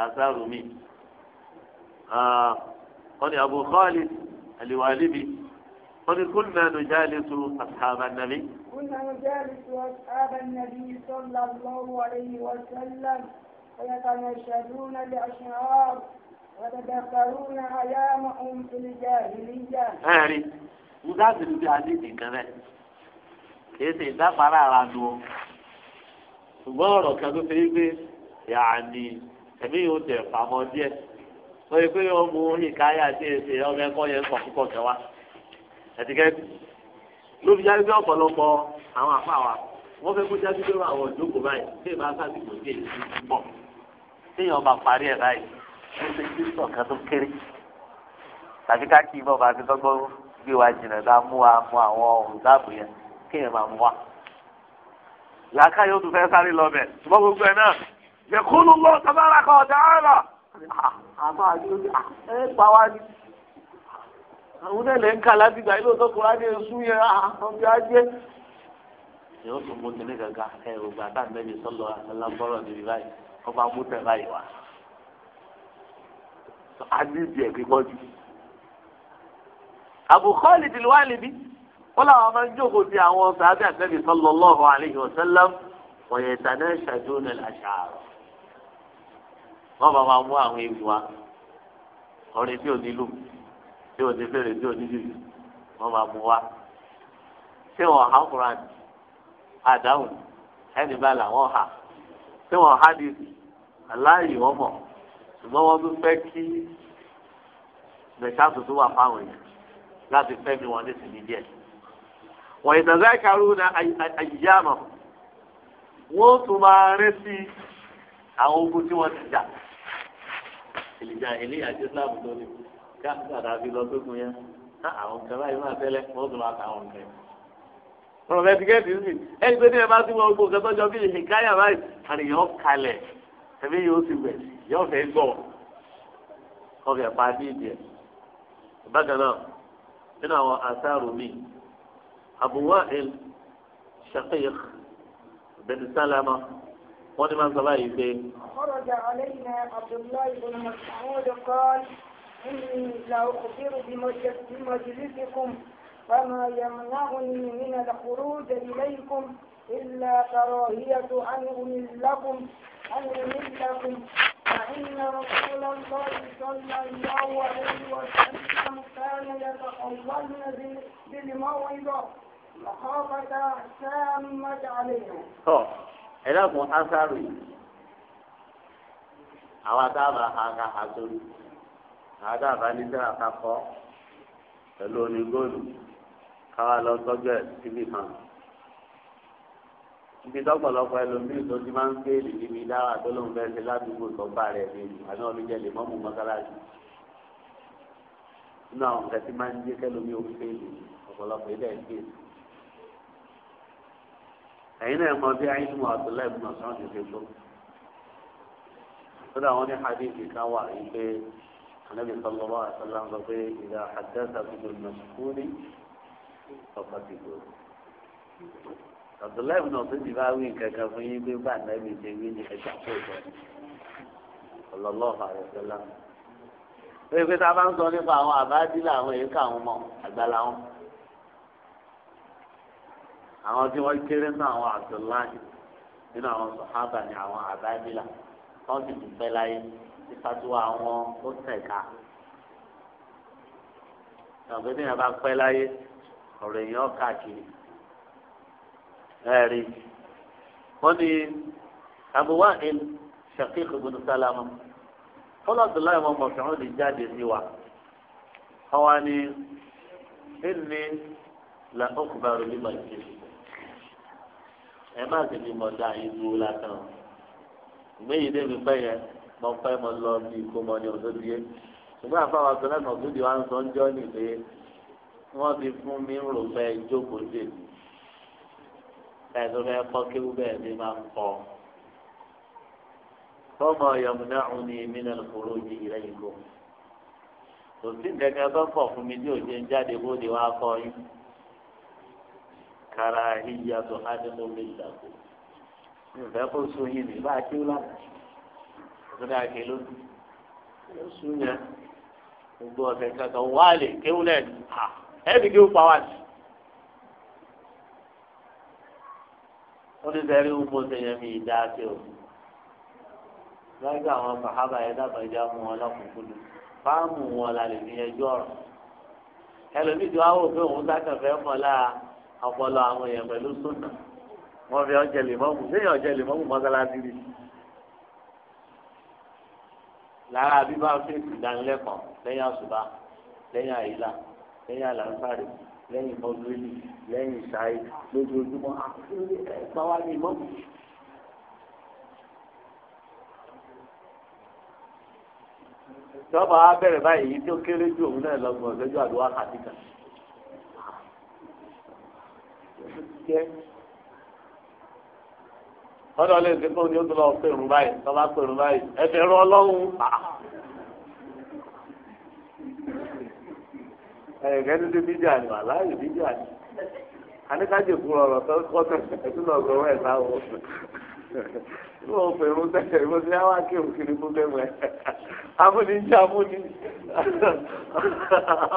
àṣàrò mi wọ́n ní Abu Khalid al-Walibi wọ́n ní kunna nujalisu ashab an-nabi. kunna nujalisu ashab an-nabi sallallahu alayhi wa sallam. ويتنشدون بأشعار وتدخلون أيامهم في الجاهلية. أهلي مدافع الجاهلية كمان. kìí ṣe ìdápárá ara nu o ṣùgbọ́n ọ̀rọ̀ kan tó ṣe é gbé yàní ẹ̀mí yóò tẹ̀ pamọ́ díẹ̀ wọ́n yẹ pé yóò mú ìkáyà tí ẹ ṣe ọmọ ẹ̀kọ́ yẹn kọ̀ púpọ̀ kẹwàá ẹ̀tìkẹ́ ló fi jáde pé ọ̀pọ̀lọpọ̀ àwọn àfa wa wọ́n fẹ́ kó jáde lórí àwọn ìjókòó báyìí tí ìbá sásìkò dé pọ̀ téèyàn bá parí ẹ̀ báyìí ó ṣe kí sọ̀kan tó kéré tàbí ká kí ibọ̀ bá fi tọ́gbọ́n gbé wa jìnnà dá mú wa mú àwọn olùdáàbò yẹn kéèyàn máa mú wa. làákà yóò fẹ́ sáré lọ bẹ̀ ṣùgbọ́n gbogbo ẹ̀ náà yẹ̀kúnú lọ sábàrà kan ọ̀dà ààrà. àmọ́ àdúgbò ẹ pa wá ní. àwọn yóò tún mú kíní gàgà ẹ ògbà tá nẹbi sọlọ alábọrọ níbi báyìí ọba mú tẹ báyìí wá adíbi ẹ kíkọ jù Abu Khalid al-Walidi wọn làwọn máa ń jókòó ti àwọn sàbẹ àtẹbi sallallahu alaihi wasallam wa yatanashaduna al-ash'ar wọn bá máa mú àwọn ewu wa ọ̀rẹ́ tí ò ní lù tí ò ní fèrè tí ò ní jìjì àdáhùn ẹni bá làwọn hà tí wọ́n há di aláàyè wọ́n mọ̀ ṣùgbọ́n wọ́n tún fẹ́ kí mẹ̀ṣáàtù tó wà fáwọn yìí láti fẹ́ mi wọn nísìnyí díẹ̀. wọ́n ìtàgé karú na àyíyáàmọ̀ wọ́n tún máa rántí àwọn ogun tí wọ́n ti jà. ìlìjà eléyà jẹ́ sáàbù tó ní ká àdàbí lọ sógun yẹn àwọn kan báyìí máa tẹ́lẹ̀ wọ́n tún máa ta àwọn kan yẹn ọ̀rọ̀ ẹ̀dígẹ́tì sí ẹni pé ní ẹ bá ti wọ gbogbo nǹkan tọ́jọ́ bíi ìkáyà báyìí àníyàn kalẹ̀ ẹbí yóò ti wẹ̀ yóò fẹ́ gbọ́ ọkẹ́ pa ní ìdí ẹ̀. bákan náà nínú àwọn àṣàrò mi Abu Wa'il Shaqiq bin Salama wọ́n máa ń sọ báyìí pé. ọ̀rọ̀jà ọ̀lẹ́yìn Abdullahi bin Mas'ud kọ́ ẹ̀ ń lọ òkú bí mo jẹ́ bí mo jẹ́ فما يمنعني من الخروج إليكم إلا كراهية أن أملكم أن أملكم فإن رسول الله صلى الله عليه وسلم كان يتقولن بالموعظة مخافة سامة عليهم. ẹ dákun asaru yìí àwọn àtàwọn àga àtòlù àwọn àtàwọn àníṣe àkàkọ pẹ̀lú onígóòlù káwa lọ tọ́jú ẹ̀ síbi kan. ibi tọ́pọ̀lọpọ̀ ẹlòmíì tó ti máa ń gbé èdè níbi dára tó lóun fẹ́ ṣe ládùúgbò tó bá rẹ̀ ní àná olùjẹ́ lè mọ́mú mọ́sálásí. inú àwọn nǹkan tí máa ń jẹ́ kẹlòmíì ó fẹ́ èdè ọ̀pọ̀lọpọ̀ ilẹ̀ ń gbé. ẹ̀yin náà mọ bí ayé mú àtúlẹ̀ mú ọ̀sán ti fi tó. kódà wọn ní hadithi kan wà yìí pé ànábì sọlọ́wọ́ ọmọ ti lò ó. Abdullahi náà tó ti bá wí kankan fún yín pé bá àná mi ṣe wí ní ẹja tó sọ. Ọlọ́lọ́ọ̀fà rẹ̀ sọ́lá. Ó yẹ pé tá a bá ń sọ nípa àwọn àbádílà àwọn èyíká àwọn ọmọ àgbàlá wọn. Àwọn tí wọ́n kéré náà àwọn Abdullahi nínú àwọn sọ̀hábà ni àwọn àbádílà. Wọ́n sì ti pẹ́ láyé nípa tí wọ́n àwọn ó tẹ̀ka. Ìgbàgbé tí yẹn bá pẹ́ láyé ọ̀rọ̀ èèyàn káàkiri ẹ̀rí wọ́n ní àbúwá il shaqiq ibn sálámù fọlọ́ abdullahi wọn mọ̀ fẹ́ràn lè jáde sí wa ọwọ́ ni inni la ọkùnrin mi máa jẹ ẹ má sì ní mọ̀ dá ìlú lásán ìgbéyìí débi pẹ́ yẹn mọ pẹ́ mọ lọ bí kó mọ ní ọ̀dọ́ bíyẹn ṣùgbọ́n àfọwọ́ abdullahi mọ̀ fún ìdíwọ̀n sọ ń jọ́ nílé wọ́n ti fún mi ń rò pé jókòó dè mí bẹ́ẹ̀ tó fẹ́ kọ́ kéwú bẹ́ẹ̀ ni máa ń kọ́ tọ́mọ yọ̀mùnà òun ni èmi náà kúrò ní ìrẹ́ ìgò kò sí nǹkan tó kọ̀ fún mi tí ò ṣe ń jáde bóde wá kọ́ yín kara ìyá tó á ní mo lè dàgbò ìfẹ́ kó sún yín ní bá a kí ó lánàá tó dáa kí lónìí ó sún yẹn gbogbo ọ̀sẹ̀ kankan wálé kéwú ha ẹbí kí ó pa wá sí. wọ́n ti sẹ́rí wúwo sẹ́yìn mi ìdá sí o. lọ́jọ́ àwọn sàhábà yẹn dábàjá mú wọn lọ́kùnkúndùn fáàmù wọn la lè fi ẹjọ́ ọ̀rọ̀. ẹlòmíì tí wàá wò pé òun sákàn fẹ́ mọ́ lára ọpọlọ àwọn èèyàn pẹ̀lú sọ́nà wọ́n fi ọjẹ́ lè mọ́mù sẹ́yìn ọjẹ́ lè mọ́mù mọ́sálásí rí. lára bíbá fèsì ìdánilẹ́kọ̀ọ́ lẹ́yìn àṣùbà lẹ́yìn àyílà lẹ́yìn àlàǹfààrí lẹ́yìn mọ́lúwìlì lẹ́yìn ìṣáì lójoojúmọ́ àpá ah, wa ní mọ́. tọ́ba á bẹ̀rẹ̀ báyìí èyí tó kéré ju òun náà lọ́gbọ̀n lójú àdúrà kàdíkà. ọ̀dọ̀ lè ṣe fún ní ó tó lọ pèrún báyìí tọ́ba pèrún báyìí ẹ̀fẹ̀ rọ ọlọ́run. Ah. ẹ̀ẹ́dẹ́gbẹ́ dídí bíjà ni wàláyé bíjà ni anikaje kun ọ̀rọ̀ tó kọtẹ ẹtún lọ gbọwọ ẹ sáwọ ní wọn fẹ́ irun tẹsẹ irun tí wọn ké òkiri fún bẹ́ẹ̀ mẹ amúnijì amúni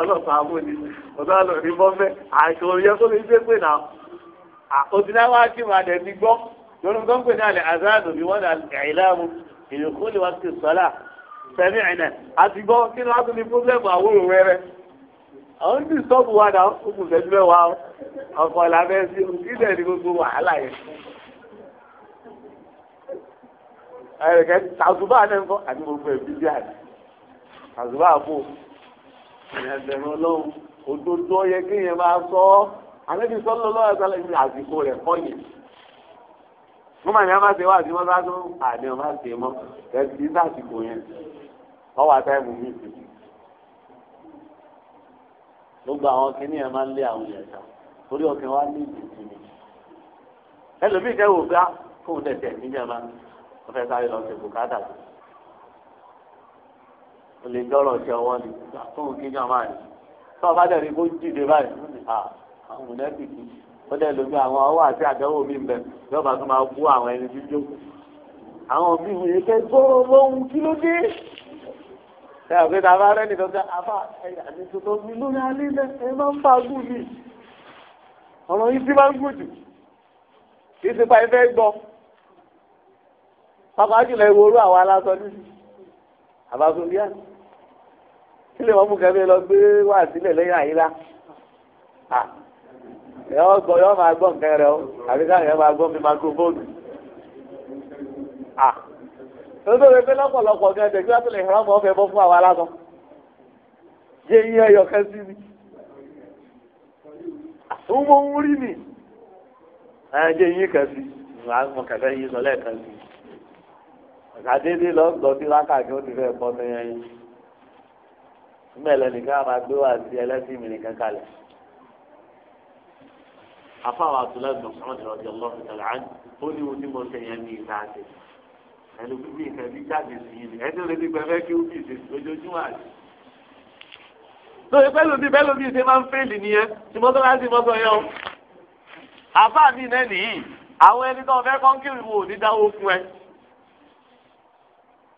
ọlọ́pàá amúni ọ̀dọ̀ àlọ ní bọfẹ àìsàn òye kó lè gbé pè náà òtún náà wá kí wọn àdẹ ti gbọ́ lórí nǹkan pè náà lè azánù bí wọn dà ìlàmù ìlú kó sí sọlá sẹmí ẹnẹ àti gbọ́ kí ni wọn tún ní pọblẹmù àwòrán rẹ àwọn ní sọ́ọ̀bù wa náà ogun fẹ́ fẹ́ ọkọ̀ làbẹ́ sí ìdílé ní gbogbo wàhálà yẹn. ẹ̀rẹ̀kẹ́ tàzùbà náà ń kọ́ àti gbogbo ẹ̀bí bí àná tàzùbà bò ẹ̀ẹ́dẹ̀rún ọlọ́run òdodo yẹ kí máa sọ ọ́ àlejò sọ́lọ́ lọ́wọ́ ẹ̀sọ́lẹ̀ ní àsìkò rẹ̀ kọ́ yẹn. wọ́n máa ní a máa ṣe wá àti wọ́n bá tún àdéhùn gbogbo àwọn kìíní ẹ máa ń lé àwọn yẹn ta torí ọkàn wa ní ìdìtì ni ẹlòmíì kẹ wò fóun tẹsẹ níjẹ máa wọn fẹẹ sáré lọ sí bùkátà sí o lè dọrọ ṣe ọwọ́ ni fóun kíjọ máa ní tó o bá dẹ̀ kó dìde báyìí ah, àwọn mùnẹ́bì kì í ó dẹ̀ lómi àwọn ọwọ́ àti àdánwò mi bẹ̀ lọ́ba tó máa bú àwọn ẹni jíjó àwọn mímu yìí kẹ́ gbọ́ lóhun ẹ ò pé ta bá rẹ́ni tó ń sẹ́ àbá àlejò tó mi lórí alẹ́ lẹ ẹ máa ń fagùn mi ọ̀rọ̀ yìí ti máa ń gùn jù kì í ṣe pa ẹfẹ́ gbọ́ pápá jùlọ ìwòrú àwọn aláṣọ níbi àbáṣọlíà kí lè wọ́n mú kẹ́mi lọ gbé wá sílẹ̀ lẹ́yìn àyílá ẹ ọ yọ máa gbọ́ nǹkan rẹ o àbí káyọ̀ máa gbọ́ mi máa kó fóònù tó rẹ pé lọ́pọ̀lọpọ̀ gan ẹ̀dẹ̀ gbígbà tó lè hàn mọ́ fẹ́ bọ́ fún àwa lásán yé yín ẹyọ kan sí mi ń mọ ń rí mi ẹ̀jẹ̀ yín kan sí mo kẹfẹ́ yín sọ lẹ́ẹ̀kan sí àdédé lọ gbọ́ sí lákàtí ó ti fẹ́ pọ́ ní ẹyin mẹ́lẹ̀ nìkan máa gbé wá sí ẹlẹ́sìn mi nìkan kalẹ̀ afáwọn àtúnlẹ̀ gbọ̀ngàn ọ̀dọ̀ ọ̀dọ̀ ọlọ́run tẹ̀lé àná ó ní onímọ̀ sẹ́yìn ẹ̀mí ìta àti ìta ẹnu bíbí nǹkan bí jáde sí yìí ẹni ò lè ti gbẹfẹ kí ó bí ìṣe lójoojúmọ́ àti. lóye pẹ́lú bí pẹ́lú bí ìṣe máa ń fèlì nìyẹn tí mo sọ́ra sí mo sọ yẹn o. àfáà mi náà nìyí àwọn ẹni tó fẹ́ kọ́ńkìrì wo ò ní dáwó fún ẹ.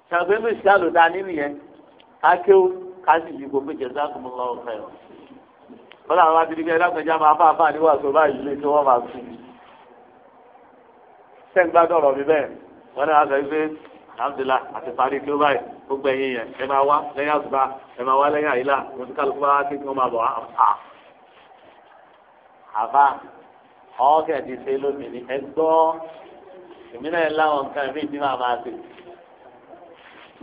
ṣàgbénu ìṣàlù ta nínú yẹn ká o ká sì yí gbogbo ìjẹsà kò mọ lọ́wọ́ fẹ́ o. wọ́n làwọn abiri bí ẹlẹ́gbẹ̀já máa bá àfáà níwàásù báyìí lé tí wọn náà sọ pé alhamdulilah àti parí kí ó báyìí gbogbo ẹ̀yin yẹn ẹ máa wá lẹ́yìn àtúbà ẹ máa wá lẹ́yìn àyílà mo ti kálukú bá wá kí wọn máa bọ àfà àfà ọkẹ ti ṣe lómìnir ẹ gbọ́ èmi náà láwọn nǹkan ẹ̀mí ti máa máa ṣe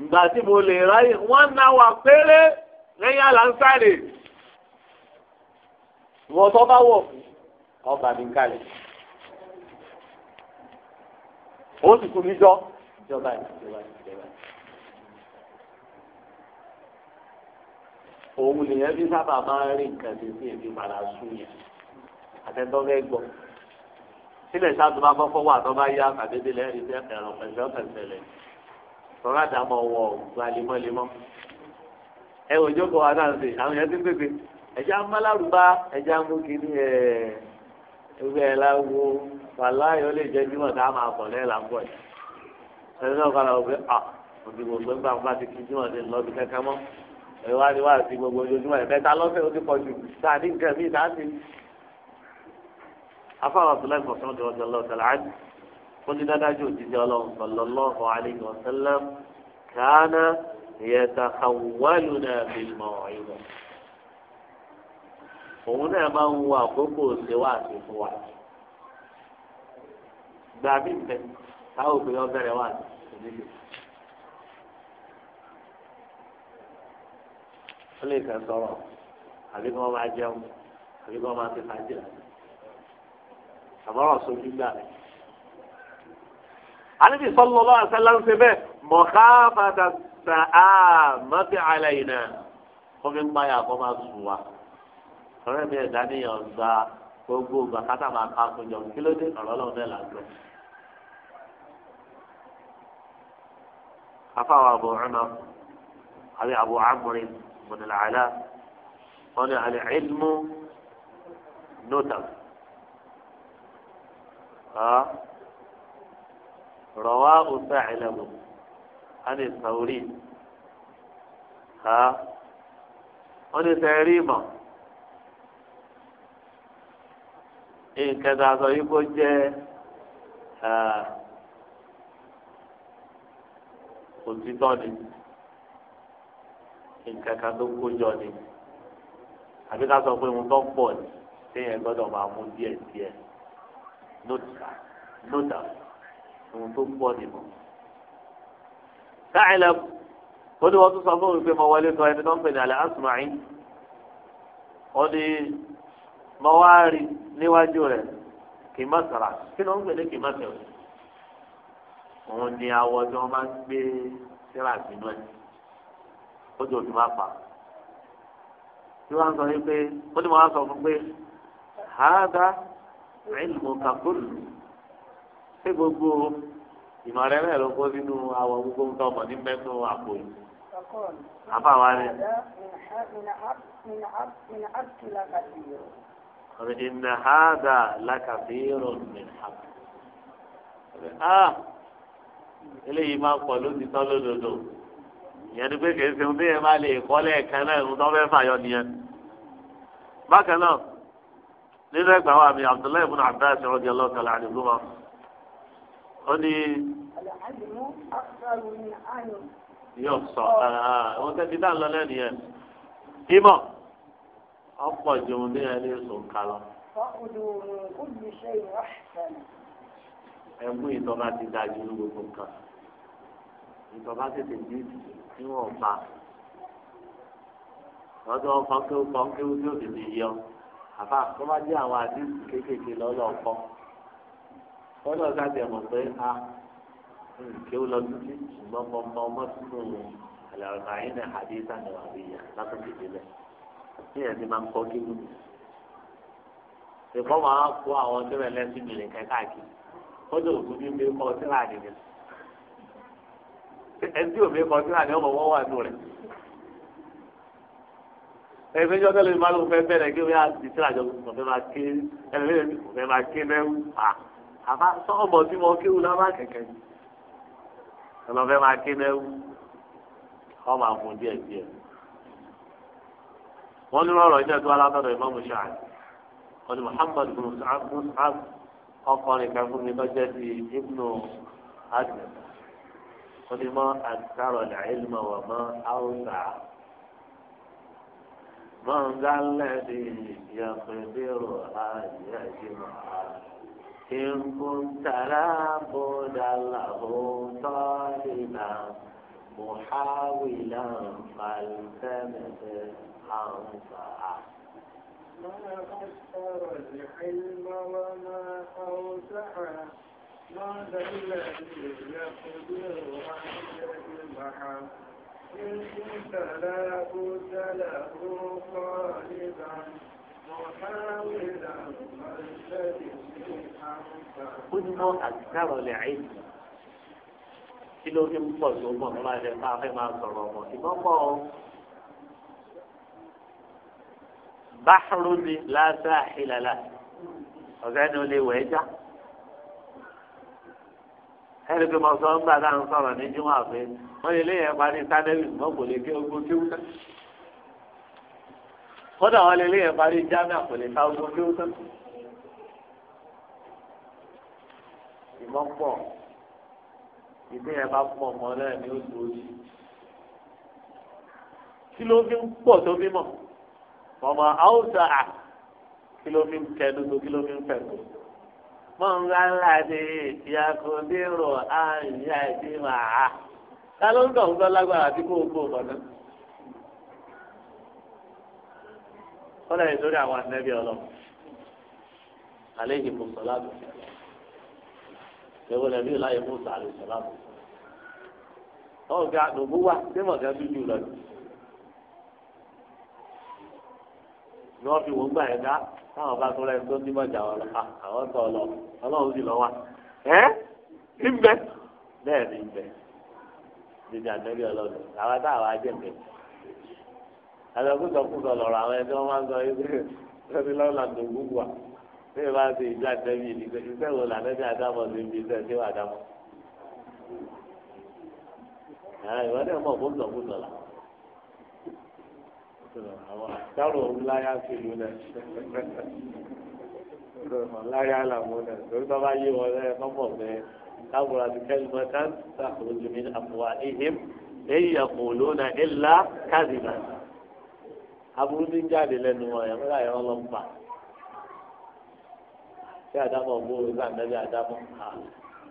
ìgbà tí mo lè ráyè wọn náà wà péré lẹ́yìn àlàǹsáre wọn tó bá wọ fún ọba mi kálẹ̀ ó sì tún níjọ́ ìjọba ìjọba ìjọba. òun lèyẹn bí sábà máa ń rí nǹkan tí sí èmi padà sùn yẹn àtẹ̀tọ́ fẹ́ gbọ́ sílẹ̀ sáà bá kọ́kọ́ wà tó bá yá àkàdédé lẹ́yìn tẹ́ ẹ̀rọ pẹ̀lú ọ̀kẹ́sẹ̀lẹ̀ tọ́lá dàmọ́ wọ gba lemọ́lemọ́ ẹ wò jókòó wa náà ṣe àwọn yẹn ti ń pèpè ẹ̀jẹ̀ amálàrúbá ẹ̀jẹ̀ amúkiri ẹ̀ ẹ̀ ẹ̀ wàláyé ó lè jẹ́ bímọ tá a máa kọ̀ lẹ́yìn làǹbọ̀ yìí ẹni náà kọ́ra òfin à òdìbò gbẹ́ngbà fún láti fi bímọ sí lọ́ọ́ bí kẹ́kẹ́ mọ́ ẹ̀rọ wá ní wá sí gbogbo ojoojúmọ́ ẹ̀ mẹ́ta lọ́sẹ̀ ó ti pọ̀ jù sáàdì nǹkan mí sáàdì. afáwọn abdullahi fọsán ọdún ọjọ́ lọ sọlá àdì ó ní dádájú òjijì ọlọ́run sallallahu gbà mí bẹ táwọn òpè yọ bẹ̀rẹ̀ wà nílò. ó lè kẹ́ sọ̀rọ̀ àbí kí wọ́n máa jẹun àbí kí wọ́n máa ti fàájì rẹ̀ àmọ́ràn sojú gbà rẹ̀. àníbi sọ́lọ́ lọ́wọ́ àṣálá ń ṣe bẹ́ẹ̀ mọ̀káfàtà sàámọ́tì àlàyìnà wọ́n fi ń payà kó máa sùn gba gbogbo bàkátà máa ká fún jọ kí ló afáwọn abu umar àbí abu amrin mọ̀nàlá wọn ni àlẹ́ ilmu nota rọwá ọ̀sẹ̀ ìlẹ̀mù àni sàwùrì wọn ni sẹ́rí òtítọ́ ni nǹkan kan tó kójọ ni àbí ká sọ pé ohun tó pọ̀ ni téèyàn gbọ́dọ̀ máa mú díẹ̀ díẹ̀ nóòtà ohun tó pọ̀ ni mọ́. sáà ó ní wọ́n tún sọ fún mi pé mo wọlé tọ́ ẹni tó ń pè ní alẹ́ asùmáì ó ní mo wá rí níwájú rẹ̀ kì í má sara kí ló ń pè ní kì í má sẹ̀wé òun ni awọ tí wọ́n máa ń gbé síra sínú ẹ̀ ó tó tún wá pa tí wọ́n sọ wípé ó ní wọ́n sọ fún pé hàdá ìlú kakúlù ṣé gbogbo ìmọ̀ rẹ náà ló kó sínú awọ gbogbo nǹkan ọmọ ní mẹ́nu àpò yìí. Afa wa ni. Ọ̀rẹ́ ìnà hàdà lákàfíìrò min hàbù. Ah! eléyìí máa ń pọ̀ lónìí tán lódodo ìyẹn ni pé kì í ṣe ohun tí yẹn máa lè kọ́ lẹ́ẹ̀kan náà ohun tó fẹ́ fàyọ nìyẹn. bákan náà nínú ẹgbà wa mi abdullahi ibn abbas radiyallahu ta'ala anhu ma ó ní. yóò sọ ah, ohun tẹ́tí dá lọ lẹ́nu yẹn ìmọ̀ ọ̀pọ̀ ju ohun tí sùn kálọ ẹ̀mú ìtọ́ba ti da ju gbogbo nǹkan ìtọ́ba tètè ní níwọ̀n pa lọ́dọ̀ kọ́ńkéwú kọ́ńkéwú tí ó tètè yọ àbá tó àwọn àdínkù kéékèèké lọ́lọ́ kọ́ lọ́dọ̀ sáàtì ẹ̀mọ̀ pé a kéwú lọ títí ṣùgbọ́n mo mọ sínú àlàrà yín náà àdé sàmì àríyá látọ̀kì délẹ̀ ní ẹ̀sìn máa ń kọ́ kéwú ìfọwọ́ àwọn kó àwọn tó rẹ̀ lẹ́sìn mìíràn kẹ́kàkiri kọjọ òkú bí mi kọ sílá nìyẹn ẹtí òbí kọ sílá ni ọmọ wọn wà nù rẹ ẹgbẹ́ jọ́ tẹ́lẹ̀ máa ló fẹ́ bẹ̀rẹ̀ kí wọ́n á di sílá jọ kò fẹ́ máa ké ẹlẹ́yìn kò fẹ́ máa ké mẹ́wù à àbá sọ́ọ̀mọ̀ tí mo kéwù lábá kẹ̀kẹ́ ni ọmọ fẹ́ máa ké mẹ́wù ọmọ àfún díẹ̀ díẹ̀ wọ́n ní rọrọ̀ ìjẹ́ tó alátọ́dọ̀ ìmọ̀ mùsàlì wọ́n ní Muhammad bin ọkùnrin kan fún mi lọ́jọ́ di ibnu adùn wọ́n ti mọ àtàrọ̀ làílmọ̀ wọ̀ mọ́ haúsá mọ̀ngálẹ̀ di yàpẹ̀bẹ̀rù ayé ìmọ̀ ha ìmùtàrà bọ́dà làwọn tọ́lìlà mùháwìlà fàlùfẹ́mẹ̀fẹ́ haúsá. ما أصفر الحلم وما أوسعه ما ذا الذي يقدر عند المحا إن كنت لا بد له طالبا محاولا قل ما أكثر العلم kí ló dé púpọ̀ tó mọ̀ nípa ẹ̀fẹ́ máa fẹ́ máa sọ̀rọ̀ ọmọ ìbọn pọ̀ ọ́. báhùrù ni lásà ìlàlà ọ̀gá ni ó lè wẹ̀ ẹ́ já ẹni pé mo sọ ń gbà dáhùn sọ̀rọ̀ ní júmọ̀ àfẹ́ wọ́n lè lé yẹn parí sádẹ́rì mọ́ kò lè ké ogun kí wúta kódà wọ́n lè lé yẹn parí jámẹ́ kò lè ká ogun kí wúta. ìmọ̀ pọ̀ ìdí yẹn bá pọ̀ mọ́ náà ni ó kí ló fi ń pọ̀ tó bímọ ọmọ haúsá à kí ló fi ń kẹdùn kí ló fi ń fẹ̀kọ́. mọ̀nlá ni yakundiro àyà ìdí màá. ta ló ń dọ̀ ń gbọ́ lágbára tí kò gbó ọ̀nà. kọ́lá yìí lórí àwọn anẹ́bí ọlọ́run àléjì kò sọ̀lá bù. ìwé lẹ́bí láyé mú sàlù sọ̀lá bù. ọ̀gá àdùnkú wà sí mọ̀gá dúdú lọ́dún. ni wọ́n fi wò gbà yẹn dá táwọn bá tún rẹ̀ tó ní mọ̀jà wọn lọ àwọn tó lọ ọlọ́run sì lọ wá. ẹ ń bẹ ni ń bẹ níbi àtẹ́bí ọlọ́run àwọn táwọn ajẹ́ bẹ. àtẹ̀kùsọ̀ kùsọ̀ àwọn ẹni tí máa ń sọ yìí lórí lọ́la tó gbogbo wa bí ẹ bá ti ìjọ àtẹ́bí yìí nígbà iṣẹ́ wo là nẹ́bí àdámọ̀ ní ibi iṣẹ́ tí wà dámọ̀. ìwádìí ọmọ òkú àwọn àdárò ńláyà sílu náà ńláyà làwọn náà lórí bá bá yé wọn lẹ́yìn fọ́pọ̀ bẹ́ẹ̀ táwọn àti kẹ́lìmọ́ tán sàkóso jùmí àpòwà ìhìm lẹ́yìn àpòló náà ńlá kázìmá aburú ti ń jáde lẹ́nu wọn yẹn fúnra yẹn ọlọ́mpa ṣé àdámọ̀ bó o gbà nẹ́bí àdámọ̀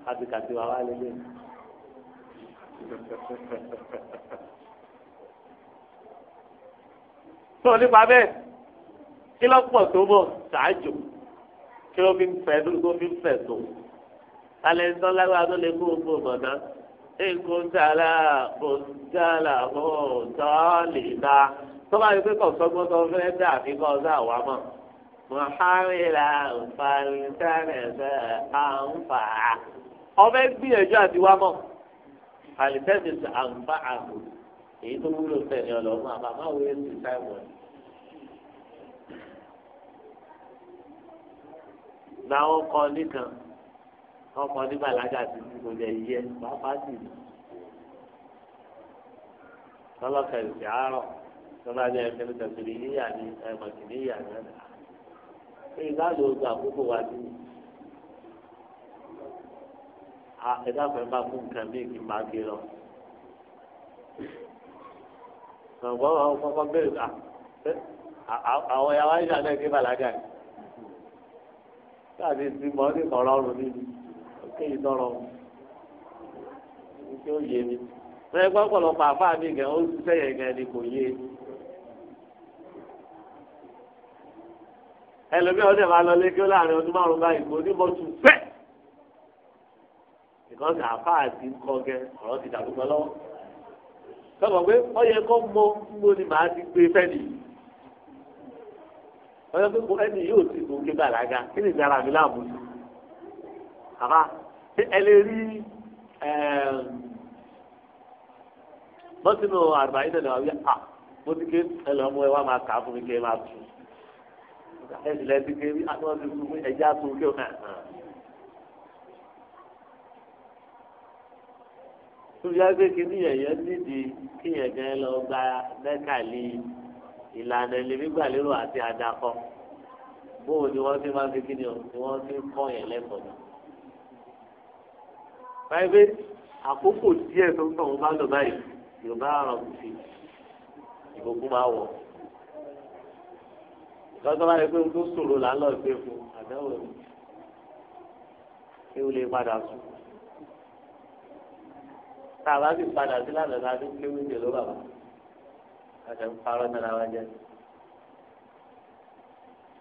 àti kàtiwá wá lélẹ́yìn. tó nípa bẹ́ẹ̀ kí ló pọ̀ tó bọ̀ ṣáájú kí ló fi ń fẹ́ tó fi ń fẹ́ tó alẹ́ ń tán lágbára tó lè kó gbogbo mọ̀nà èkó sàlà kò sàlà kò tọ́lì ta tó bá yẹ pé kò sọ́gbọ́n tó fẹ́ dà bí kò sà wà mọ̀ mọ̀hárìlà fàlìtàrẹ̀sẹ̀ àǹfà ọbẹ̀ gbìyànjú àti wà mọ̀ fàlìtàrẹ̀sẹ̀ àǹfà àgùn èyí tó wúlò fẹ ni ọlọmọ àbàmà wo yẹn ti táì wọn. làwọn kọ nìkan wọn kọ ní bàlágà sí ti kò lè yẹ pàápàá sì ní. lọ́lọ́kẹ̀ ìsì àárọ̀ lọ́ba ní ẹ̀fẹ́ ní yíyà ní ẹ̀mọ̀tì níyà ní ẹ̀dá. ṣé ìdájọ́ oṣù àkókò wa sí ni? ẹ̀dá fẹ́ bá fún nǹkan bí kì í gé lọ ṣùgbọ́n àwọn kọ́kọ́ bẹ̀rẹ̀ ta àwọn ìyàwó ayélujára náà ké bàlágà yìí káàdì ti mọ ní ọ̀rọ̀ ọ̀rùn níbi òkè ìdọ́rọ̀ ní kí ó yé mi bẹ́ẹ̀ gbọ́pọ̀lọpọ̀ àfa mi gan ó ṣiṣẹ́ yẹn gan ni kò yé ẹlòmíràn ó máa lọ lékè láàrin ọdún márùn-ún báyìí kò ní mọ̀ tù pẹ́ ìkànnì àfa àti nkọ́ gẹ ọ̀rọ̀ ti dàgbùgbọ́ lọ́wọ́ sọ̀rọ̀ pé wọ́n yẹ kó mọ mo ni màá ti gbé fẹ́ni wọ́n yẹ kó ẹni yóò ti gòkè gbàlágà kí ni ìdára mi láàmú sí àbá ẹ lè rí bọ́sínú àgbà yìí nàlẹ́ wáyé à mo ti ké ẹlẹ́ ọmọ ẹ wá máa kà á fún mi kí ẹ máa tù ẹ sì lẹ́sìn ké àti wọ́n ti fún mi ẹ̀já tó kí ó hàn tóbi àgbẹ̀ kìíní yẹ̀yẹ́ nídìí kí yẹn gan lọ gba mẹ́kàlí ìlànà ìlẹ́mígbà àti àdàkọ bóun ni wọ́n ti máa fi kí ni o ni wọ́n ti kọ́ yẹn lẹ́kọ̀ọ́ náà. pàìpé àkókò díẹ̀ tó ń tọ̀ wọ́n bá lọ báyìí yorùbá àrùn fi ìgbógun máa wọ̀. lọ́sọ̀ bá yẹ pé ohun tó ṣòro là ń lọ gbé fún àdáwọ̀ ẹ̀ ewu lè padà sùn tá a bá sì padà sí lánàá náà tó kéwú jẹ ló bàbá àti ń parọ́ náà wá jẹ.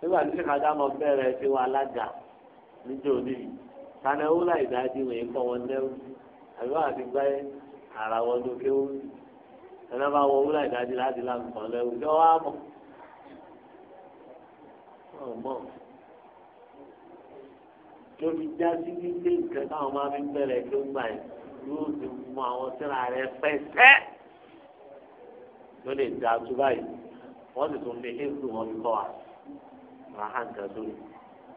nígbà tí kàdá mọ bẹ̀rẹ̀ tí wọn alága níjọ́ òní yìí tani owó láì dájú wọ̀nyí kọ́ wọn lẹ́rú àbí wọn àti gbáyé ara wọn ló kéwú ẹnlẹ́ bá wọ owó láì láti láti kàn lẹ́rú kí wọ́n á mọ̀ ọ̀mọ́ lórí já sí wípé nǹkan táwọn máa fi bẹ̀rẹ̀ tó gbà yẹn yóò ti mú àwọn síra rẹ̀ pẹ́sẹ́ ló lè da tu báyìí wọ́n sì tún lè éèkù wọn kọ́ wa ràhánkà lórí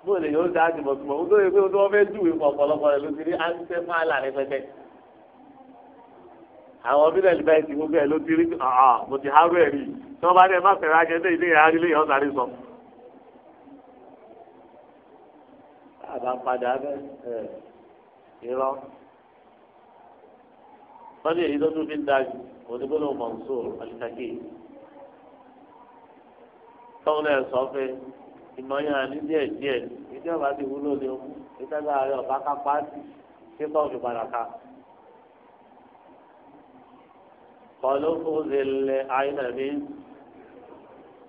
bóyá lè yóò dáa jùmọ̀ tùmọ̀ ó lóye pé ó tó wọ́n fẹ́ júwe pọ̀ ọ̀pọ̀lọpọ̀ rẹ̀ ló ti rí ánsẹ́ fún àlà rẹ̀ pẹ́pẹ́ àwọn bí lẹ́yìn báyìí ti mú bẹ́ẹ̀ ló ti rí mo ti hárú ẹ̀ tí wọ́n bá dẹ́ má fẹ́ràn wọ́n ní èyí tó tún fi ń dájú onígbóná mọ̀nsóòrò alikake tọ́wọ́n náà sọ pé ìmọ̀yàn àní díẹ̀ díẹ̀ ìjọba ti wúlò ní ọmú ìtẹ́gbà rẹ̀ ọ̀bá kápá sí tọ́wọ́n padà ká. kọlọ́fù zèlè àyìnàmí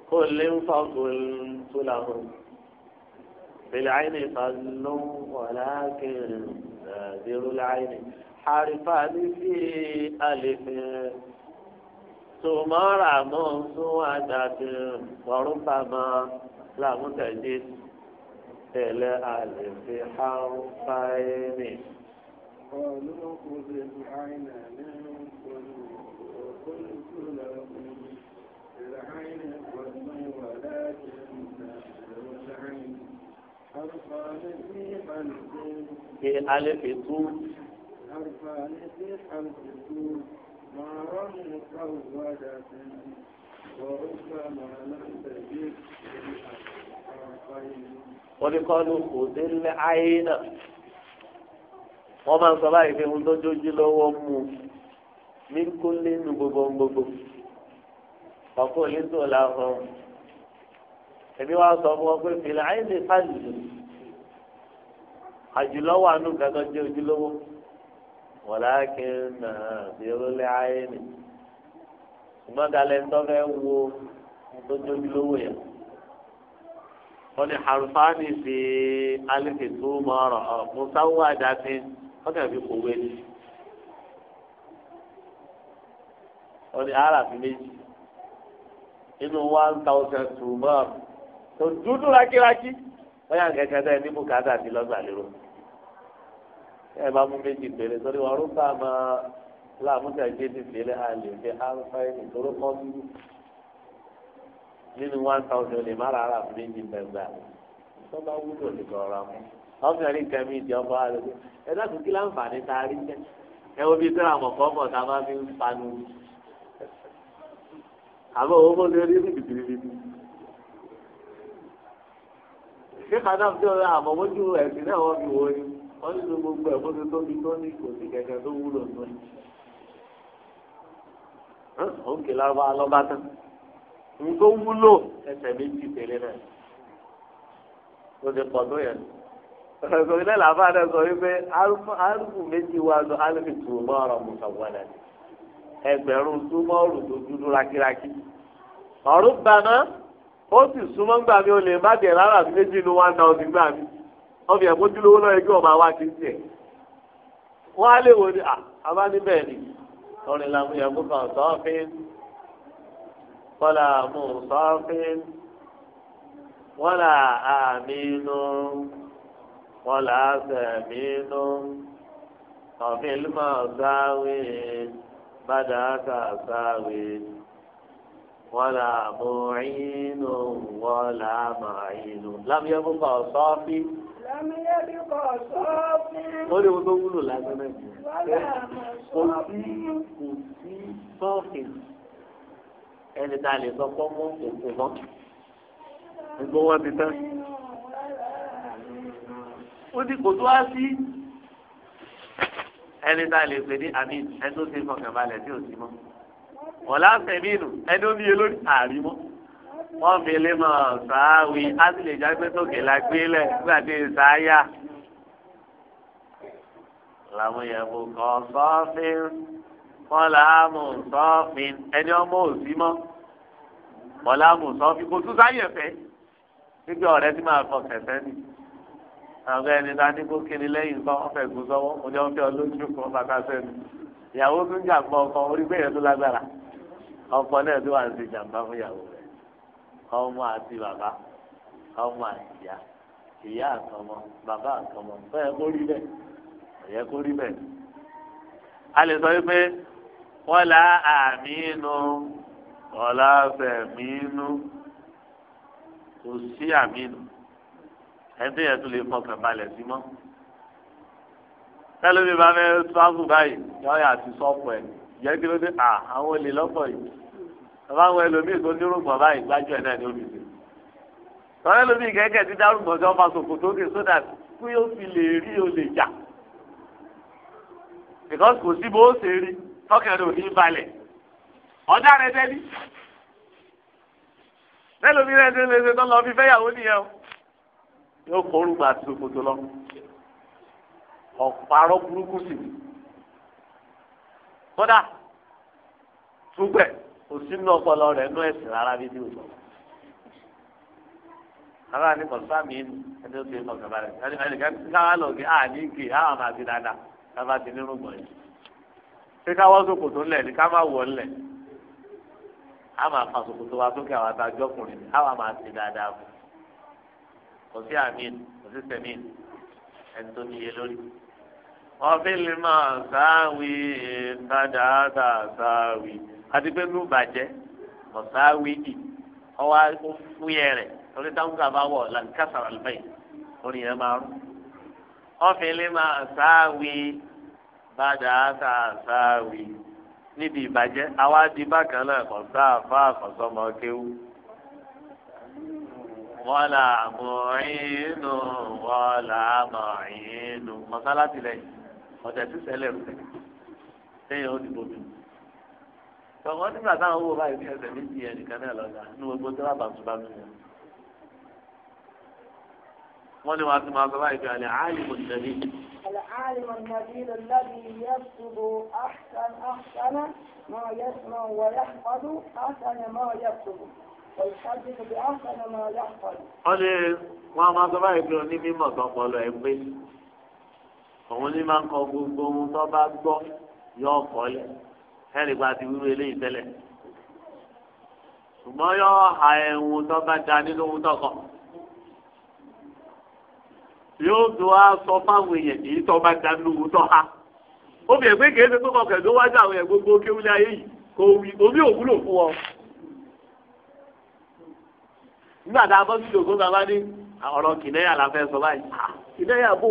kò lè ń fa tùlàmù bẹ̀lẹ̀ àyìnà ìfàlùwọ̀n lákèrè ẹ̀ẹ́dẹ̀rù láyìnà àrífàní sí àlèfẹ́ tòmọ́ra mọ́ tún àdàtì wọ́rùbàmọ́ làmútẹ̀dé tẹ̀lé àlèfẹ́ àrùfáìní. Ke alẹ́ fi tún. الحرفان في حلق نارا مسودة وربما لم تجد Oníkọ́lù kò dé lé ayé náà. Wọ́n máa ń sọ báyìí pé ohun tó jójú lọ́wọ́ mú un ní kó lé nu gbogbo gbogbo. Ọ̀pọ̀ onídùn làwọn. Èmi wá sọ fún ọ pé fìlà ayé lè fàjù. Àjùlọ wà nù gàgàjẹ́ ojúlówó walakin bírúlẹ̀ ayé ni ṣùgbọ́n kalẹ̀ ń tọ́fẹ́ wo tó tóbi lówó yẹn wọ́n ní harufani fi alifi tó mọ̀ọ́rọ̀ musawu adati wọ́n kàn fi kówé ni wọ́n ní arafi méjì inú one thousand tó mọ̀ọ́rọ̀ tó dúdú rakiraki wọ́n yà kẹ́kẹ́ tẹ́ ní bùkátà ti lọ́gbàlérò ẹ bá mú méjì péré torí wọn rúbà máa láàmúta ìgbésí péré a lè fi alfain ìtòrò pọ́ńdù nínú one thousand lè má rárá fún méjì gbẹgbẹ tó bá wúlò lè kọ ọ̀rọ̀ mú ọkùnrin kan mi ìdí ọba rẹ ẹ dákun kí láǹfààní tá a rí jẹ ẹ wo bí sẹ́wọ̀n àmọ̀kọ́ bọ̀ tá a máa fi ń panu àmọ́ owó lè rí bìbìbìbì ṣé kàdáfíà àmọ́ mójú ẹ̀sìn náà wọ́n fi wọ́n ni wọ́n ní tó gbogbo ẹ̀ bóde tóbi tó ní kò sí kẹ̀kẹ́ tó wúlò nù ẹ̀. ó ń kìlá wa lọ́ba tán nǹkan wúlò ẹsẹ̀ méjì tẹ̀lé náà ó ti pọ̀ tó yẹn. ọ̀sọ̀ ilé làbá náà sọ wípé arúgbó méjì wà lọ alùpùpù túmọ̀ ọ̀rọ̀ mùsàwọ̀nà ẹgbẹ̀rún túmọ̀ ọ̀rù tó dúdú rákírákí. ọ̀rùn gbaná ó sì súnmọ́ gbà mí má wọ́n fi ẹ̀kọ́ dúró lọ́yẹ kí wọ́n máa wá kí n tiẹ̀. wọ́n á lè wo ni àbá níbẹ̀ ni tọrin la fún yàgò kan sọ́ọ́fín kọ́là mú sọ́ọ́fín wọ́là àmínú wọ́là sẹ̀mínú ọ̀fín lùmọ̀ sáwé bàdà kàsáwé wọ́là mùínú wọ́là màínú. lámúyẹ́ fún kan sọ́ọ́fín ó ní wọ́n wúlò lásán náà kò sí kò sí sọ́ọ̀kì ẹni tá a lè sọ pọ́npọ́ òkú mọ́ gbogbo wọn ti tán ó ní kò tó wá sí ẹni tá a lè pè ní àmì ẹni tó ti fọkàn balẹ̀ tí ò sí mọ́ ọ̀la sẹ̀mínú ẹni ó ní yẹ lórí mọ́ wọ́n fi lè mọ̀ sááwì á sì lè já pé sókè la gbé lẹ̀ nígbà tí ìsáyà. làwọn yẹ̀bù kan sọ́ọ́fín wọn làámù sọ́ọ́fín ẹni ọmọ òsì mọ́ wọn làámù sọ́ọ́fín kò tún sáyẹ̀ fẹ́ nígbà ọ̀rẹ́ tí máa fọ kẹ̀kẹ́ ni àwọn ẹni tá a ní kó kiri lẹ́yìn nǹkan wọ́n fẹ́ gùn sọ́wọ́ mo ní wọ́n fi ọlójú kan bàtà sẹ́nu ìyàwó tún jà pọ̀ ọkọ orí bẹ́ẹ̀ tó lágbára ọkọ náà tó wà ń ṣe jàǹbá fún ìyàwó rẹ̀ ọmọ àti bàbá ọmọ àti ìyá ìyá àtọmọ bàbá àtọmọ bẹ́ẹ̀ kó rí bẹ́ẹ̀ ẹ̀yẹ kó rí bẹ́ẹ̀. a lè sọ wípé wọ́n la àmì inú ọ̀la fẹ̀mí inú kò sí àmì inú ẹ̀ńtẹ́ yẹn tún lè fọkàn balẹ̀ sí mọ́. tẹ́lẹ̀ mi bá fẹ́ sọ́ọ̀kù báyìí yọ̀ọ́ yà ti sọ́ọ̀kù ẹ̀ jẹ́ kí ló dé àwọn olè lọ́pọ̀ yìí bàbá àwọn ẹlòmíì tó nírùngbọ̀n báyìí gbájú ẹ̀ náà ní olùsè tọ́lá ẹlòmíì kẹ̀kẹ́ ti dárúgbọ̀n sí ọba sòkò tó ké sódà kí ó fi lè rí o lè jà because kò sí bó o ṣe rí tọ́kẹ̀rẹ́ ò ní balẹ̀ ọ̀dà rẹ tẹ́lí ẹlòmíì rẹ ti lè ṣe tán lọ fi fẹ́yàwó nìyẹn o yóò kórùgbà tó kótó lọ ọ̀parọ́ burúkú sì kódà túbẹ̀. kò sínú ọpọlọ nú rárá bí tí o sọ. Àbá ni kọ̀sá mi ń ẹni tó ń kọ̀sá lọ kì dáadáa ti nínú gbọ̀n yìí. Ṣé ni ká má wọ̀ ńlẹ̀? A máa fa sòkòtò wa sókè àwọn àtàjọkùnrin ni àwọn máa ti dáadáa fún. Kò sí àmín kò sí ẹni tó lórí. Wọ́n fi lè máa sáwìí àti pé ló bàjẹ́ mọ̀sáwìdì ọwọ́ ó fúyẹ́ rẹ̀ torí táwùkà bá wọ̀ làǹkàṣà àlùbáyì orin yẹn máa rú. ọ̀fìnlẹ̀ máa sáwì bàdà àtà sáwì níbi ìbàjẹ́ àwa di bákan náà kò sáfà kò sọmọ kéwú. wọ́lá mọ̀ọ́yìnú wọ́lá mọ̀ọ́yìnú mọ̀sálásí lẹ́yìn ọ̀tẹ̀ sísẹ́lẹ̀ rẹ̀ sẹ́yìn ó dìbò dùn tọ̀wọ́n nígbà táwọn owó báyìí ní ẹsẹ̀ méjì yẹn nìkan náà lọ́jà nínú gbogbo tó bá bàtúbàtú yẹn. wọ́n ní wàá tún máa sọ báyìí pé àlẹ́ àálì mọ̀ nàbí. àlẹ́ àálì mọ̀ nàbí lọ́lábì yẹ́sùbù àṣàna máa yẹ́sùmọ̀ wọ̀yẹ́ pàdú àṣàna máa yẹ́sùbù wọ́n ní wọ́n máa sọ báyìí pé oní mímọ̀ tó pọlọ ẹ̀ pé òun ní máa ń kọ gbogbo ohun tó bá gbọ́ yọ ọ̀kọ́ lẹ̀ ẹ̀rí pa ti wíwú eléyìí tẹ́lẹ̀ ṣùgbọ́n yọ ha ẹ̀hún tó bá da nínú ohun tọkọ yóò tó wá sọ fáwọn èèyàn kì tó bá da nínú ohun tọ́ ha obì ẹ̀gbẹ́ kìí ṣe kókò kẹ̀dó wájú àwọn èèyàn gbogbo kéwúlé ayé yìí kò wí omi ò wúlò fún ọ. nígbà tá a bọ́ sí ìdògó bàbá ní ọ̀rọ̀ kìnẹ́yà la fẹ́ sọ báyìí ah, kìnẹ́yà bò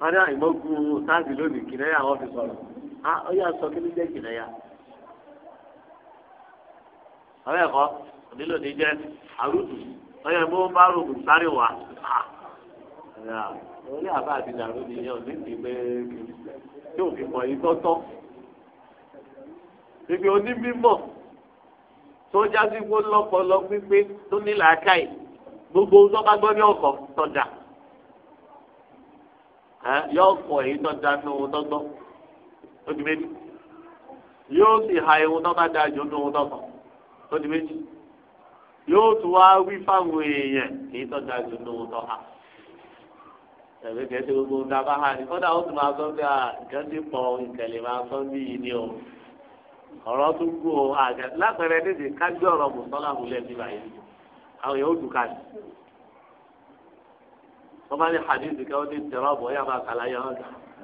wọ́n ní àìmọ́gun sáàsì lónìí kìnẹ́yà wọ́n fi sọ̀rọ̀ a ah, ó sọ kí ló jẹ́ jìnnà ya ọ̀rẹ́ ẹ̀kọ́ onílò ní jẹ́ àrùtù ọ̀yẹ́ bó bá rògùn sáré wá ah, orí àbá àti dàrú ni yẹn ò ti pé tí òfin mọ̀ yìí tọ́tọ́ ibi onímọ̀ tó jásí kó lọ́pọlọ pípé tó ní làákàyè gbogbo sọ́ba gbọ́ ní ọkọ̀ tọ́jà yọ ọkọ̀ èyí tọ́jà ní owó tọ́gbọ́n ó di méjì yóò sì ha ihun tó bá da jù nínú ohun tó kàn ó di méjì yóò tún wá wí fáwọn èèyàn kì í tó da jù nínú ohun tó hà tẹ̀lé kẹ́sì gbogbo ń dábàá ha ni kódà ó sì máa sọ pé àgán ti pọ̀ ìkẹlẹ̀ máa sọ bí yìí ni o ọ̀rọ̀ tó gbó o àgàn lápẹẹrẹ nídìí kájú ọ̀rọ̀ mùsọ́lá múlẹ̀ bí báyìí àwọn yòó dùkà ní. wọ́n bá ní hadith kí wọ́n ti tẹ̀rọ bọ̀ yàrá àkàlà yàrá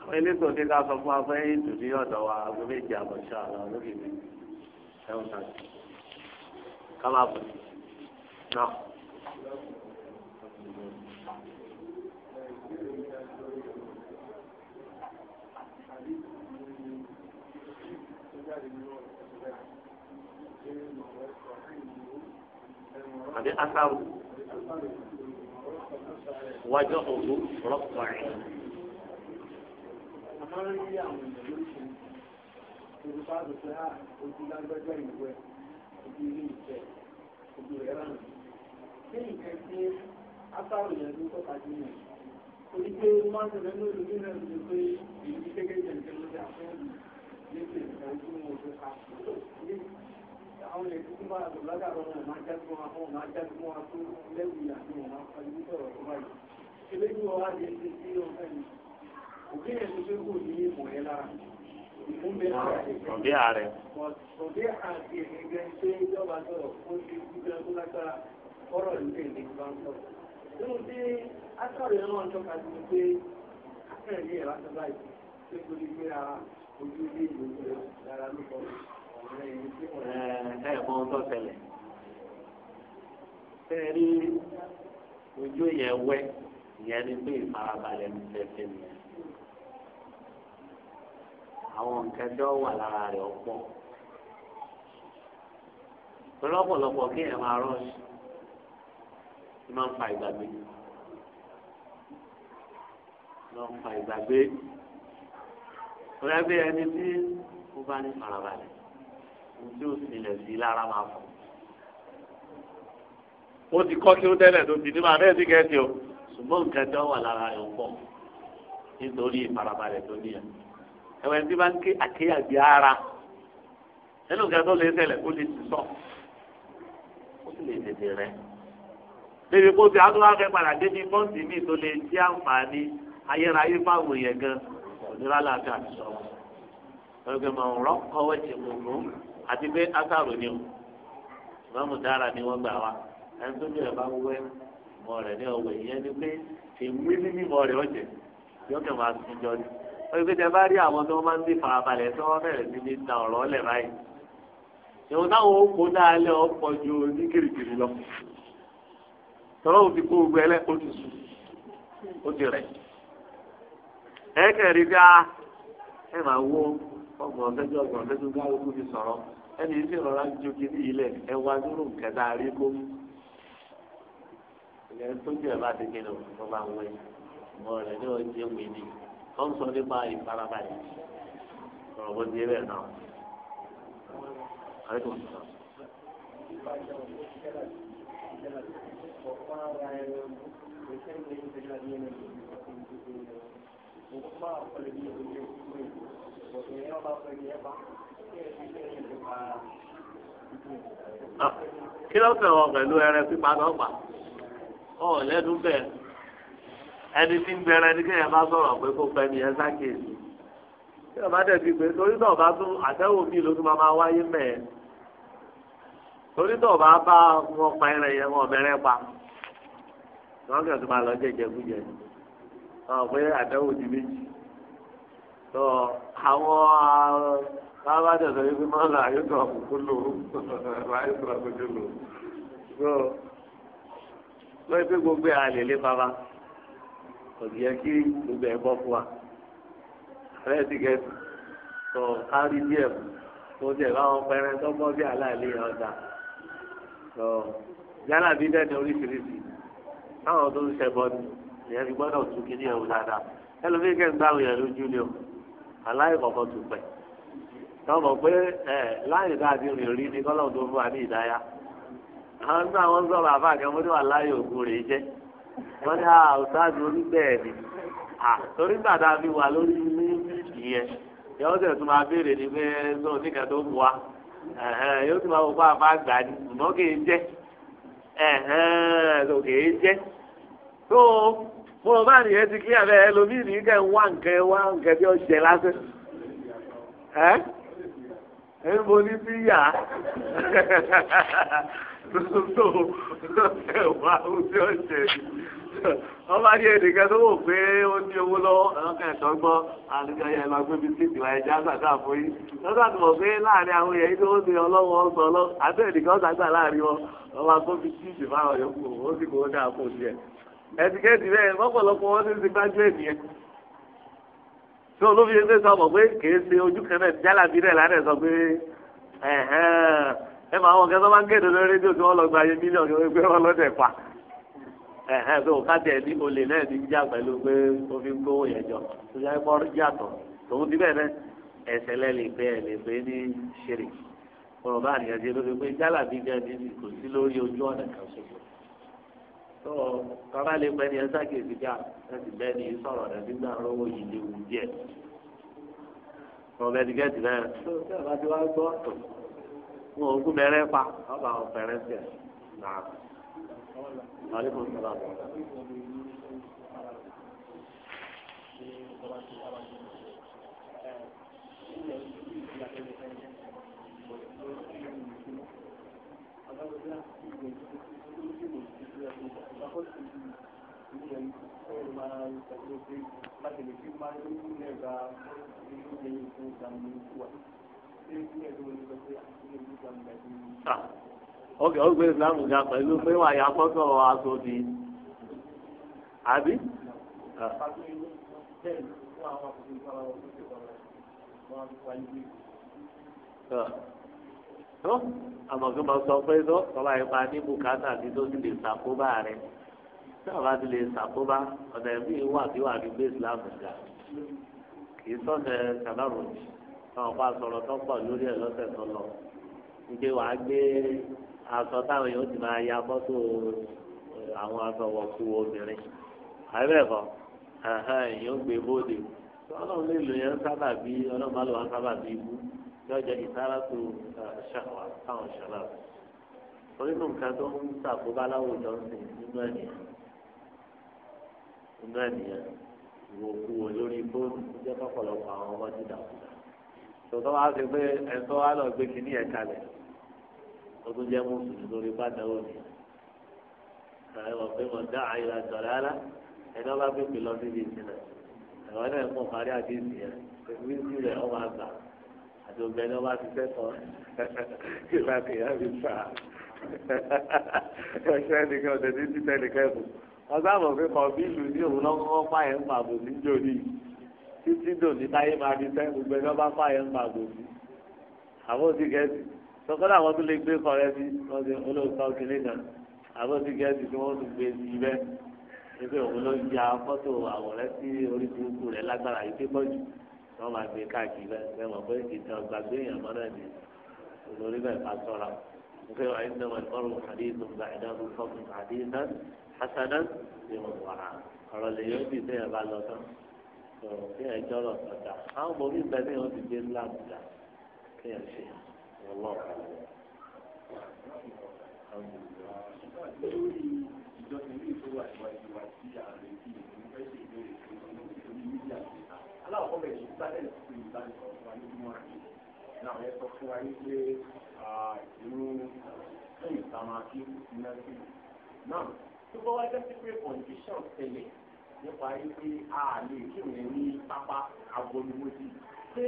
àwọn elétò ní ká sọ fún afẹ́ ètò ní ọ̀dọ̀ wa aago méjì àbọ̀ ṣá àwọn olókè mi ẹ̀wọ̀n náà ká máa bọ̀ náà. àbí asáwò wájú ọ̀gbọ́n rọ́pọ̀ ẹ̀ máa ń rí àwọn èèyàn lóṣù ah, ojú fáàbù pé á ojú lágbẹ́jọ́ ìlú ẹ̀ ojú ilé ìfẹ́ ojú rẹ̀ rà mí. Ṣé nǹkan tí ápáàrò yẹn ló tọ́ka sí yẹn? Orí pé máa ń tẹ̀lé ní olùdí náà ló pé èyí gẹ́gẹ́ jẹ̀ǹtẹ̀ ló dá fún mi nípa ìgbà tí mo fi ká. Àwọn èèyàn tí wọ́n bá lọ́dà lọ́wọ́ wọn máa jáde wọn àwọn máa jáde wọn tó lẹ́wù ìyàtọ̀ wọn máa fọ́ ibi sọ̀rọ̀ tó òbí ààrẹ. òbí àti ìgbẹ́ ṣe ìjọba sọ̀rọ̀ fún ti gbígbẹ́ tó lágbára ọ̀rọ̀ ìgbẹ́ ìgbẹ́ bá ń sọ̀rọ̀. nínú tí akọ̀rẹ́ náà tọ́ka sí pé akẹ́rẹ́ ní ẹ̀rọ àtọ́lá yìí tó gbóni gbé ara ojú ilé ìlú rẹ̀ dára lóko ọ̀rẹ́ ìlú tí wọ́n. ẹ ẹ mọ ohun tó ṣẹlẹ̀. sẹ́ẹ̀rí ojú ìyẹn wẹ́ ìyẹn ni pé ìfarabalẹ̀ ń tẹ̀sẹ̀ nìyẹn àwọn nǹkan tó wà lára rẹ̀ ọ̀pọ̀ lọ́pọ̀lọpọ̀ kí ẹ̀ máa rọ́ọ̀ṣì ló máa ń fa ìgbàgbé ló ń fa ìgbàgbé rẹ́gbẹ́ ẹni tí ó bá ní farabalẹ̀ ojú òsìlẹ̀ sí lára máa fọ̀ ó ti kọ́ kí ó tẹ́lẹ̀ tó ti ní máa bẹ́ẹ̀ sí kẹ́ẹ̀tì o ṣùgbọ́n nǹkan wà lára rẹ̀ ọ̀pọ̀ nítorí ìfarabalẹ̀ tó níyà ẹ̀wẹ̀ tí bá ń ké àkéyàgbé ara nínú nǹkan tó lè ṣẹlẹ̀ kó lè ti sọ ó sì lè tètè rẹ. bébí kó ti adúláfẹ́ padà débi pọ́ǹsì míì tó lè jẹ́ àǹfààní ayérayé fáwọn èèyàn gan òdúrà láàfin àti sọ̀rọ̀. ọ̀gbìn mọ̀ ọ̀rọ̀ kọ́wé ti gbogbo àti pé ásàrò ni o ìmọ̀mù dára ni wọ́n gbà wá ẹni tó bẹ̀rẹ̀ bá wẹ́ mọ̀ rẹ̀ ní ọ̀wẹ̀ ìyẹn ni pé èmi mímọ̀ rẹ̀ ọ̀jẹ̀ yọ̀kẹ̀ wọ́n fi tẹ bá rí àwọn tó máa ń bí farabalẹ̀ tó wọ́n bẹ̀rẹ̀ sí ní da ọ̀rọ̀ lẹ̀ báyìí. ìwọ táwọn òkú dáalẹ̀ ọ̀pọ̀ ju ní kìrìkìrì lọ. tọ́lọ́ òfin kó gbẹ lẹ́ ó ti sùn ó ti rẹ̀. ẹ kẹrin bí a ah, ẹ máa wó ọgbọ̀n ọ̀fẹ́jọ́ ọgbọ̀n ọ̀fẹ́jọ́ gáwó fi sọ̀rọ̀ ẹni tí ìrọ̀lá ń jókè ní ilẹ̀ ẹ wá dúró kẹta rí kó mú. ìyẹn tó jẹ́ bá ti kéde ọ̀gbọ̀n bá wọ ó ń sọ nípa ìfarabalẹ̀ ọ̀rọ̀ bó di bẹ́ẹ̀ náà. Àríkò sọ̀rọ̀. Ah, kí ló fẹ́ wọn pẹ̀lú ẹrẹ pípa náà pa? Ọ̀ lẹ́nu bẹ́ẹ̀ ẹni tí ń gbẹrẹ ni kéèyàn bá sọ̀rọ̀ pé kó fẹ́ nìyẹn sákèsì kí ọba dẹ̀bi pé torí náà bá tún àtẹ̀wò mi ló tún máa máa wáyé mẹ́ẹ̀ torí náà bá bá wọn pa ẹrẹ yẹn wọn mẹrẹ pa wọn kẹ́ tó máa lọ jẹjẹ kújẹ ọ pé àtẹ̀wò di méjì tó àwọn bàbá dẹ̀sọ̀ yìí máa ń lọ àyùtọ̀ àkókò lò àyùtọ̀ àkókò lò tó lọ pé gbogbo àlè lé bàbá kò sì kí gbogbo ẹ̀ bọ́ fún wa ààrẹ ti gẹ̀ẹ́sì tó kárí díẹ̀ tó tiẹ̀ báwọn pẹrẹ tó bọ́ sí aláìlẹ̀ ọ̀dà yálà bí dẹ́ni oríṣiríṣi táwọn tó ń ṣẹbọ ni ìyẹn ti gbọ́dọ̀ tún kí ní ẹ̀wù dáadáa ẹlòmíín kẹ́ ń dáhùn yẹn lójú ni o aláìkọ̀kọ̀ tún pẹ̀ tọ́mọ̀ pé ẹ̀ láyé dáadé rìn rí ni kọ́lọ́ tó fún wa ní ìdáyà àwọn tí àwọn sọ̀rọ̀ wọ́n ní àwòtáàdì oníbẹ̀ẹ́ ni torí gbàdá mi wà lórí ní ìyẹn yóò tẹ̀ tún máa béèrè ní pé sọ oníkan tó bu wa yóò tún máa wò fún àfa àgbà ni ìmọ̀ kìí jẹ́ kìí jẹ́ tó mo rò báyìí yẹn ti kílíà bẹ́ẹ̀ ẹlòmíì nìkan wá nǹkan wá nǹkan bí ó ẹ̀bọ ní bí yà tó wà ẹnìkan tó wò pé ó ní owó lọ́wọ́ ẹ̀rọ̀kẹ́ ìtọ́gbọ́n àdúgbò yẹn máa gbé bíi wáyé já sàtà fún yín lọ́sà tó mọ̀ pé láàrin àwọn èèyàn tó ń ní ọlọ́wọ́ ọgbọ̀n lọ àti ẹnìkan sàgbà láàrin wọn wọ́n máa gbé fáwọn yòókù ó sì kó dáa fún un jẹ ẹtìkẹ́tì wọn ti ti gbájú ẹ̀ nìyẹn. tí wọn ló fi ṣe sọ mọ pé kìí ṣe ojú kan náà jálàbí rẹ lánàá sọ pé ẹ máa wọn kẹsàn máa ń kéde lórí rédíò tí wọn lọ gba ayé mílíọnù tó gbé wọn lọdẹ pa tó o kájẹ ní olè náà ti já pẹ̀lú pé o fi ń kówó yẹn jọ tó yá ẹ kọrọ yàtọ̀ tòun ti bẹ́ẹ̀ náà ẹsẹ lẹlẹ pé ẹ lè pé ní ṣeré kọlọ bá nìyẹn ṣe ló fi pé jálàbí gan kò sí lórí ojú ọ̀nà kan ṣoṣo tó kaba lè pẹ́ ní ẹ ká ẹsì bẹ́ẹ̀ ni sọ̀rọ̀ rẹ̀ nígbà yìí lè wù díẹ̀ ọ̀bẹ ti gẹ́tì náà tó tẹ̀ bá ti wá tó wọn ò kú pa ọba àwọn pẹ̀rẹ́ tẹ̀ náà. Aleykum salaam. Thank you. máa ń sọ pé láti lè fi máa ń ní ẹ̀ka inú ẹ̀yìn fún ìdààmú wa ṣé kí ẹ̀rọ ní sọ pé àtúnyẹ̀ ní ìdààmú ẹ̀yìn wa. Ah, ok ó gbé ìsìlámù ga pẹ̀lú pé wà á fọ́tọ̀ aṣọ di àbí. Ah. Ah. àmọ̀ kí n bá sọ pé tọ́lá ipa ní bùkátà tí tó sì lè ṣàkóbá rẹ̀ tí ọba ti lè ṣàkóbá ọ̀nà ẹ̀mí wà bí wà ní gbé ìsìlámù ga kì í sọ̀nà kàbàròjì táwọn pa sọ̀rọ̀ tó pọ̀ lórí ẹ̀ lọ́sẹ̀ tó lọ nígbè wàá gbé aṣọ táwọn èèyàn ti máa ya fọ́tò àwọn aṣọ wọ̀kú obìnrin àbẹ̀kọ èèyàn gbé bóde ọlọ́run lè lò yẹn sábà bí ọlọ́run bá lò wá sábà bí ibú yọjọ ìsára tó ṣàwà táwọn ṣàlàyé orí nù tó ń ṣàkóbá láwùjọ ń nínú ẹ̀yìn nínú ènìyàn ìwò kú wọ lórí fóònù jẹ́ kọ́pọ̀lọpọ̀ àwọn ọmọ ti dàkúdà tòótọ́ wá sí pé ẹ̀tọ́ wá lọ gbé kínní ẹ̀ kalẹ̀ ó tún jẹ́ mùsùlùmí lórí pátá òní ẹ̀rọ pé mo dá àyíra sọ̀rọ̀ ara ẹ̀dọ́ bá pèpè lọ síbi ìsinmi ẹ̀rọ náà mọ̀ parí àdéhùn yẹn pẹ̀lú ìsinmi ọmọ àgbà àti obìnrin ọba ti fẹ́tọ̀ ìgbà kìí ọgbà mọ̀ pé kọ̀ bí ìlú ní òun lọ́wọ́ wọ́n pààyàn ń pàbò sí jòlì títí dòní táyé máa fi sẹ́ gbogbo ẹni ọba pààyàn ń pàbò sí. àbó ti gẹ̀ẹ́sì sọkọ́dọ̀ àwọn tó lè gbé kọ rẹ sí wọ́n ti olóòótọ́ kìnní kan àbó ti gẹ̀ẹ́sì tí wọ́n tún gbé sí ibẹ̀ pé òun ló ya fọ́tò àwòrán sí orí burúkú rẹ̀ lágbára yìí pépọ̀ jù wọ́n máa gbé káàkiri bẹ́ẹ̀ bẹ́ẹ̀ mọ̀ pé ìtàn gbàgbé èèyàn mọ́ náà hasanan ni mo wà á ọ̀rọ̀ lè yọ bí bẹ́ẹ̀ bá lọ tán ọ̀rọ̀ kí ẹ jọ̀rọ̀ sọ̀tà àwọn ọmọ mi bẹ́ẹ̀ wọ́n ti gbé ńlá bùdà kí ẹ ṣe ọlọ́ọ̀kan rẹ̀. lórí ìjọsìn ní ìṣòro àìwá ìwà tí ààrẹ kí ìlú fẹ́ ṣe ìbéèrè fún ọmọ orí mídíà síta aláwọ̀ bẹ̀ ṣe sálẹ̀ sí ìbánisọ̀rọ̀ wa ní mímọ́ àti náà ẹ sọ fún wa ní pé irú fún ìtàmà kí iná sí náà tó bá wá jẹ́ sí pé condition tẹ̀lé nípa wípé a lè kí òun ní pápá agbóhùnmọ́sí pé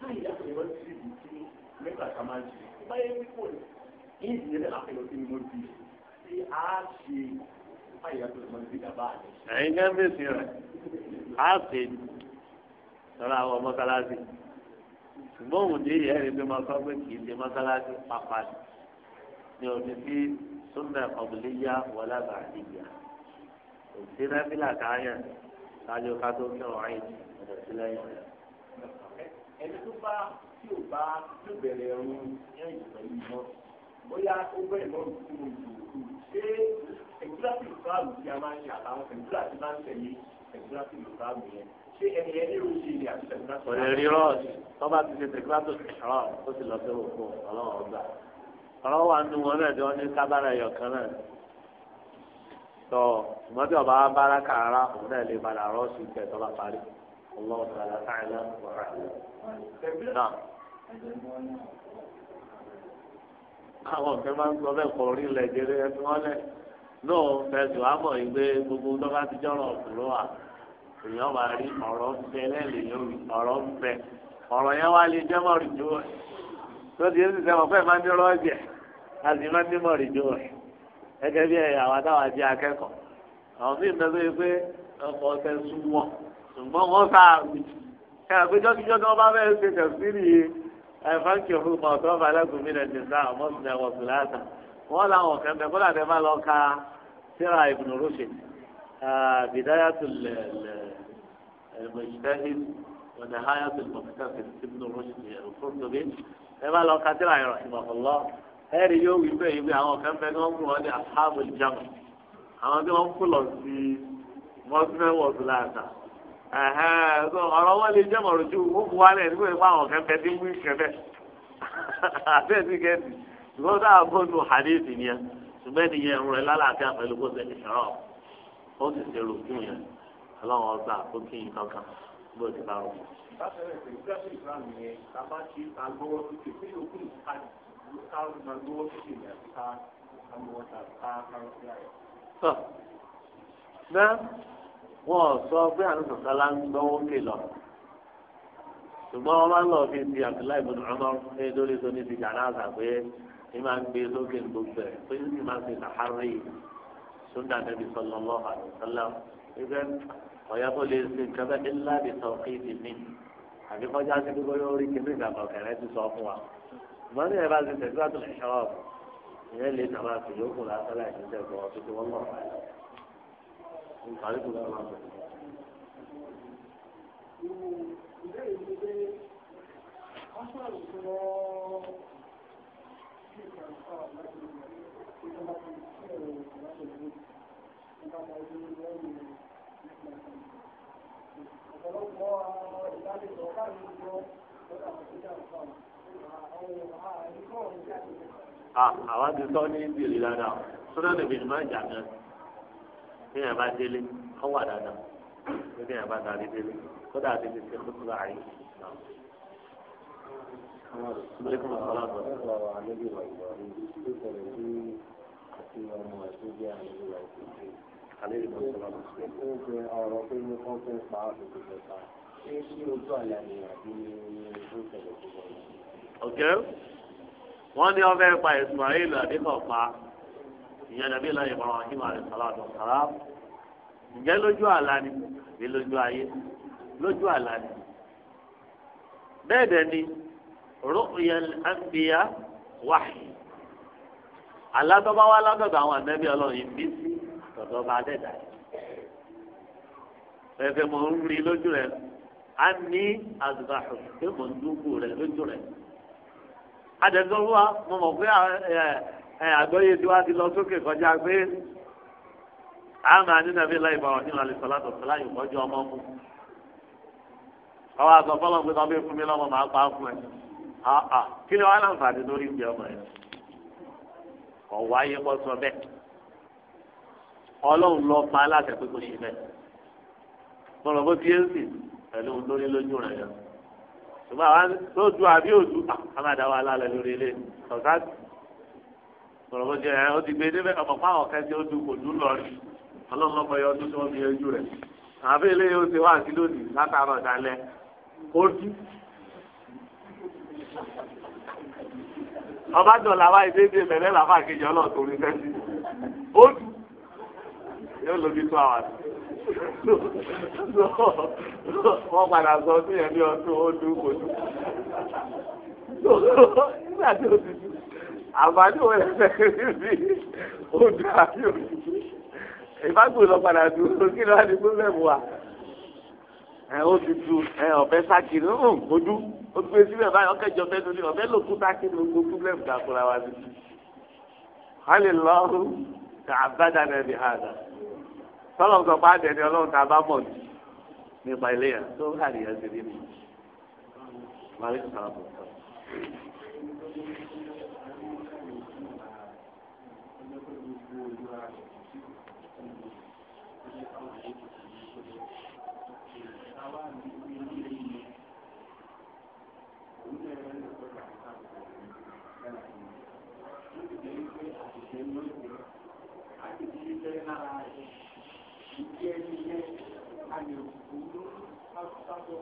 táyì láti lè lọ́sí ìlú tí mẹ́ta ká máa ń ṣe tó bá yẹ wípé ìyìn ìdílé láti lọ sí mọ́sí tí a ṣe táyì láti lè mọ́sí ìjàmbá rẹ̀. ẹ̀yin jẹ́ bèsì rẹ̀ á ṣe lọ́la àwọn mọ́sálásí ṣùgbọ́n òun dé yẹ́ ẹ̀rí pé mọ́sálásí kì í ṣe mọ́sálásí pàpà ní ọdún tí sunna qabliya wala ba'diya òsì nàbílà káyà lájọ ká tó kí ọ̀rọ̀ yìí ọ̀dọ̀ sílẹ̀ yìí. ẹni tó bá tí ò bá tó bẹ̀rẹ̀ ẹ̀rù ẹ̀yìn pẹ̀lú iná bóyá ó bẹ̀rẹ̀ náà kú òjòjú ṣé ẹ̀gbúrásì ìfáàlù tí a máa ń ṣe àtàwọn ẹ̀gbúrásì máa ń tẹ̀lé ẹ̀gbúrásì ìfáàlù yẹn ṣé ẹni ẹni ò ṣe ilé àti ẹ̀gbúrásì. ọ̀rẹ́ rí rọ́ọ̀sì tọ́ bá ti ṣe tẹ̀gbúrásì ìfáàlù ó sì lọ sí òkú ọlọ́run ọgbà ọ̀rọ̀ wà nínú wọn náà tí wọ́n ní sábàrà ẹ̀yọ̀ kan náà tọ́ ṣùgbọ́n tí ọba bára kàrà òun náà lè padà rọ́ sí ìtẹ̀ tọ́ba parí ọlọ́run tààlà táìlà wàrà náà. àwọn ọ̀fẹ́ máa ń sọ bẹ́ẹ̀ kọ orí ilẹ̀ jẹrẹ ẹni wọn lẹ̀ náà fẹsùn àmọ̀ ìgbé gbogbo tó bá ti jọ̀rọ̀ òkúrò wa èèyàn máa rí ọ̀rọ̀ ń bẹ lẹ́lẹ́yìn ọ̀rọ̀ ń ọ̀rọ̀ yẹn wá lè jẹ́mọ̀rì jù ú tó ti yé ti sẹ́wọ̀n fẹ́ẹ̀ máa ń dúró ọ̀jẹ̀ azimati mọ̀rì jò gẹ́gẹ́ bí ẹ̀yà wa táwa jẹ́ akẹ́kọ̀ọ́ àwọn míì náà lóye pé ọkọ̀ ọ̀sẹ̀ sún wọn ṣùgbọ́n wọ́n sá ẹ àgbẹjọ́ kíjọ́ tí wọ́n bá fẹ́ẹ́ ṣe tẹ̀síìrì ẹ̀fáǹkì òfin mọ̀ tó ọba alágùnmí rẹ̀ ti sá ọmọ sì náà wọ̀sùn láàtà wọ́n làwọn kẹ́ mẹ́ kódà tẹ́ bá lọ ka síra Ibn Rushd bidayatul mujtahid ẹ̀rí yóò wí bẹ́ẹ̀ ibi àwọn kan fẹ́ kí wọ́n kú wọn ní asáàbò jam àwọn tí wọ́n kú lọ sí mọ́símẹ́wọ̀sì láàtà ọ̀rọ̀ wọn lè jẹ́mọ̀ rojú wọ́n kú wálẹ̀ nígbà yẹn àwọn kan fẹ́ tí ń wí kẹfẹ́ àbẹ́ẹ̀sì kẹ́sì ṣùgbọ́n sáà bọ́ọ̀nù hadithi ni ẹ ṣùgbọ́n ẹni yẹn rẹ lálàáfíà pẹ̀lú kó ṣe ìṣòro ó sì ṣe rògbò yẹn ọlọ́run ọgbà ó kí n kankan bó ti bá rò. bá a fẹ́rẹ̀ pé bẹ́ẹ̀ wọ́n sọ pé àtúntò sálá ń gbọ́wọ́ kè lọ ṣùgbọ́n wọ́n máa ń lọ fi ti Abdullahi ibn Umar ní lórí tó ní ti jàrá àgbà pé ní máa ń gbé lókè gbogbo ẹ̀ pé ní máa ń fi nàhárí sunna nabi sallallahu alaihi wasallam ibẹ̀ ọ̀yá tó lè ṣe kẹ́fẹ́ ńlá ní sọ̀kì ìdí mi àbíkọ́jà sí gbogbo yóò rí kíní ìgbàgbọ́ kẹrẹ́ ti sọ fún wa ṣùgbọ́n ní ẹ̀bá ti tẹ̀síwá tó ṣe ṣọ́ọ̀ ìyẹn lè nà máa fi yókù lásán láì ní tẹ̀síwá tó ti wọ́n mọ̀ báyìí. nǹkan ìlú náà máa bọ̀. Thank you. Ah, àwa ti sọ ní ìbìrì dáadáa sọ́dọ̀ lèmi ni máa ń jà bí yẹn bá délé ọ wà dáadáa bí yẹn bá darí délé kódà àti ti ṣe kótó láàyè. Aleykum salaam wa rahmatulah. Aleykum ọ̀kẹ́ wọ́n ní ọbẹ̀ pa Ismail adékọ̀pá ìyẹn nàbí ìlànà ìmọ̀ràn ọ̀hìnmá rẹ̀ sàlátọ̀ sàrà ǹjẹ́ lójú àlá ni àbí lójú ayé lójú àlá ni bẹ́ẹ̀ dẹ̀ ni ru'yal anbiya wahyi aládọ́báwá aládọ́dọ̀ àwọn ànábì ọlọ́run yìí bí sí tọ̀dọ̀ bá dẹ̀ dà ẹ̀ fẹ́ mọ̀ ń rí lójú rẹ̀ lọ àmì àzùbàṣù pé mò ń dúkù rẹ lójú rẹ. adẹ̀sọ́ fún wa mo mọ̀ pé àgbọ̀yé tiwa ti lọ sókè kọjá pé àmà nínàbí láì bá ọ̀nì lálẹ́ sọlá tó sọlá yìí kọjú ọmọ mu. àwọn àgbà fọlọ́ pé tọ́ bí fún mi lọ́mọ màá pa á fún ẹ. kí ni wàá láǹfààní lórí ìgbẹ́ ọmọ yẹn. ọ̀wọ́ ayé kọ́ sọ bẹ́ẹ̀. ọlọ́run lọ pa aláṣẹ pé kò ṣe bẹ́ẹ̀. mo rò bó ti ń sìn pẹ̀lú ohun tó ní lójú rẹ̀ yẹn. ṣùgbọ́n àwa tó du àbí òdu àmàdà wa lálẹ́ lórí ilé ọ̀gá sọ̀rọ̀ jẹ́ ẹ̀ ó ti gbé débẹ̀ ọmọ fáwọn kẹ́sì ó du kò dú lọ rí ọlọ́mọ yọ ọdún tí wọ́n fi yanjú rẹ̀. àbí ilé yóò ti wá sí lónìí látàárọ̀ dalẹ̀ kó dú. ọba dọ̀là wa ìdédé mẹ́lẹ́ làwọn àkejì ọlọ́ọ̀tò orí fẹ́ sí. ó dú yóò lóbi tó àwọn àti wọ́n padà sọ sí ẹni ọdún ọdún kò dùn. nígbà tí o ti àbájọ rẹ̀ fẹ́ rí odò àbí òdì. ìbágbó lọ padà dùn kí ló wá ní pípẹ́ mu wa. ẹ ó ti tu ẹ ọ̀bẹ sákìrì ń hàn ojú ó gbé síbẹ̀ báyìí ọ̀kẹ́jọ fẹ́ lórí ọ̀bẹ lòkú sákìrì gbogbo pípẹ́ mu dàkúrà wa ni. hali lọ́rùn kà àbádànà ni hàn náà sọlọ́n sọ pé àdẹni ọlọ́run tá a bá mọ̀ nípa ilé yẹn tó ń hàdí yẹn ti rí mi. Thank you. ẹ̀rí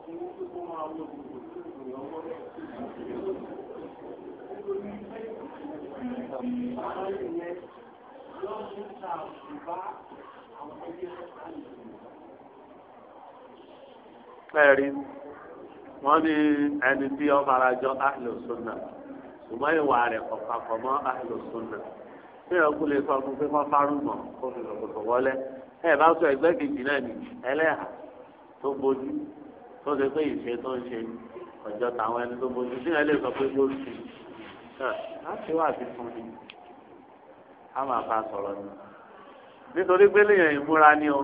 wọ́n ní ẹni tí ó máa rajọ ahlu ṣùgbọ́n ìwà rẹ̀ kọ̀ọ̀kan mọ́ ahlu tí ìyẹn lè sọ fún pé wọ́n kó fi lọ́kọ̀tọ̀ wọlé ẹ̀ bá sọ ẹgbẹ́ kejì náà ní ẹlẹ́hà tó bojú tó ṣe pé ìṣe tó ń ṣe ọjọ́ tàwọn ẹni tó bójú sí ẹ lè sọ pé yóò ṣe láti wá àti fún mi a máa bá a sọ̀rọ̀ ni nítorí pé lèèyàn ìmúra ni o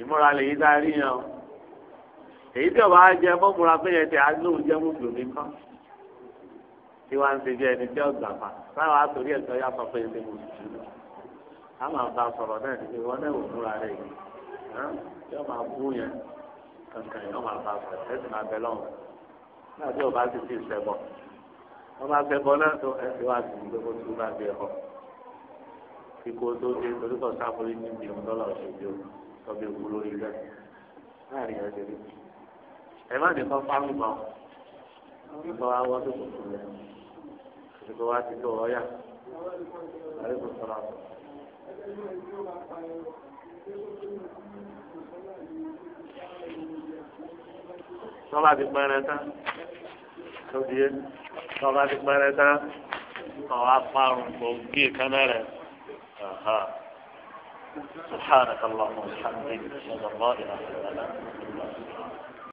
ìmúra lèyí darí yẹn o èyí tí ọba jẹ mọ́múra pé yẹn ti àdúgbò jẹ́ mùsùlùmí kan tí wàá ń ṣe bí ẹni tí ọgbà pa táwọn àtòrí ẹ̀sọ́ yà sọ pé ẹni mùsùlùmí a máa bá a sọ̀rọ̀ náà nígbà wọn náà ò múra rẹ̀ yìí yọ máa bú yẹn kankan yìí wọ́n máa bá sọ ẹ sì máa bẹ lọ́wọ́ náà tí o ti ti sẹ́bọ̀ máa sẹ́bọ̀ náà tó ẹ ti wá sí ilé kó tó bá gbé ẹ̀kọ́ kíkó tó dé torí kọ́ sáfúrí ní ibi ìhun o tọ́bi òkú lórí rẹ̀ náà rí ẹsẹ̀ rí ẹ má ní kọ́ fáwọn ìbọn ìbọn wa tó kò tó lẹ̀ ìbọn wa ti tó ọ̀yà àríkò sọ̀rọ̀ àpò. tọ́ba ti pẹ́rẹ́ tán tóbi yé tọ́ba ti pẹ́rẹ́ tán ọ̀wá parun gbòógì kaná rẹ̀ سبحانك اللهم وبحمدك اشهد ان لا اله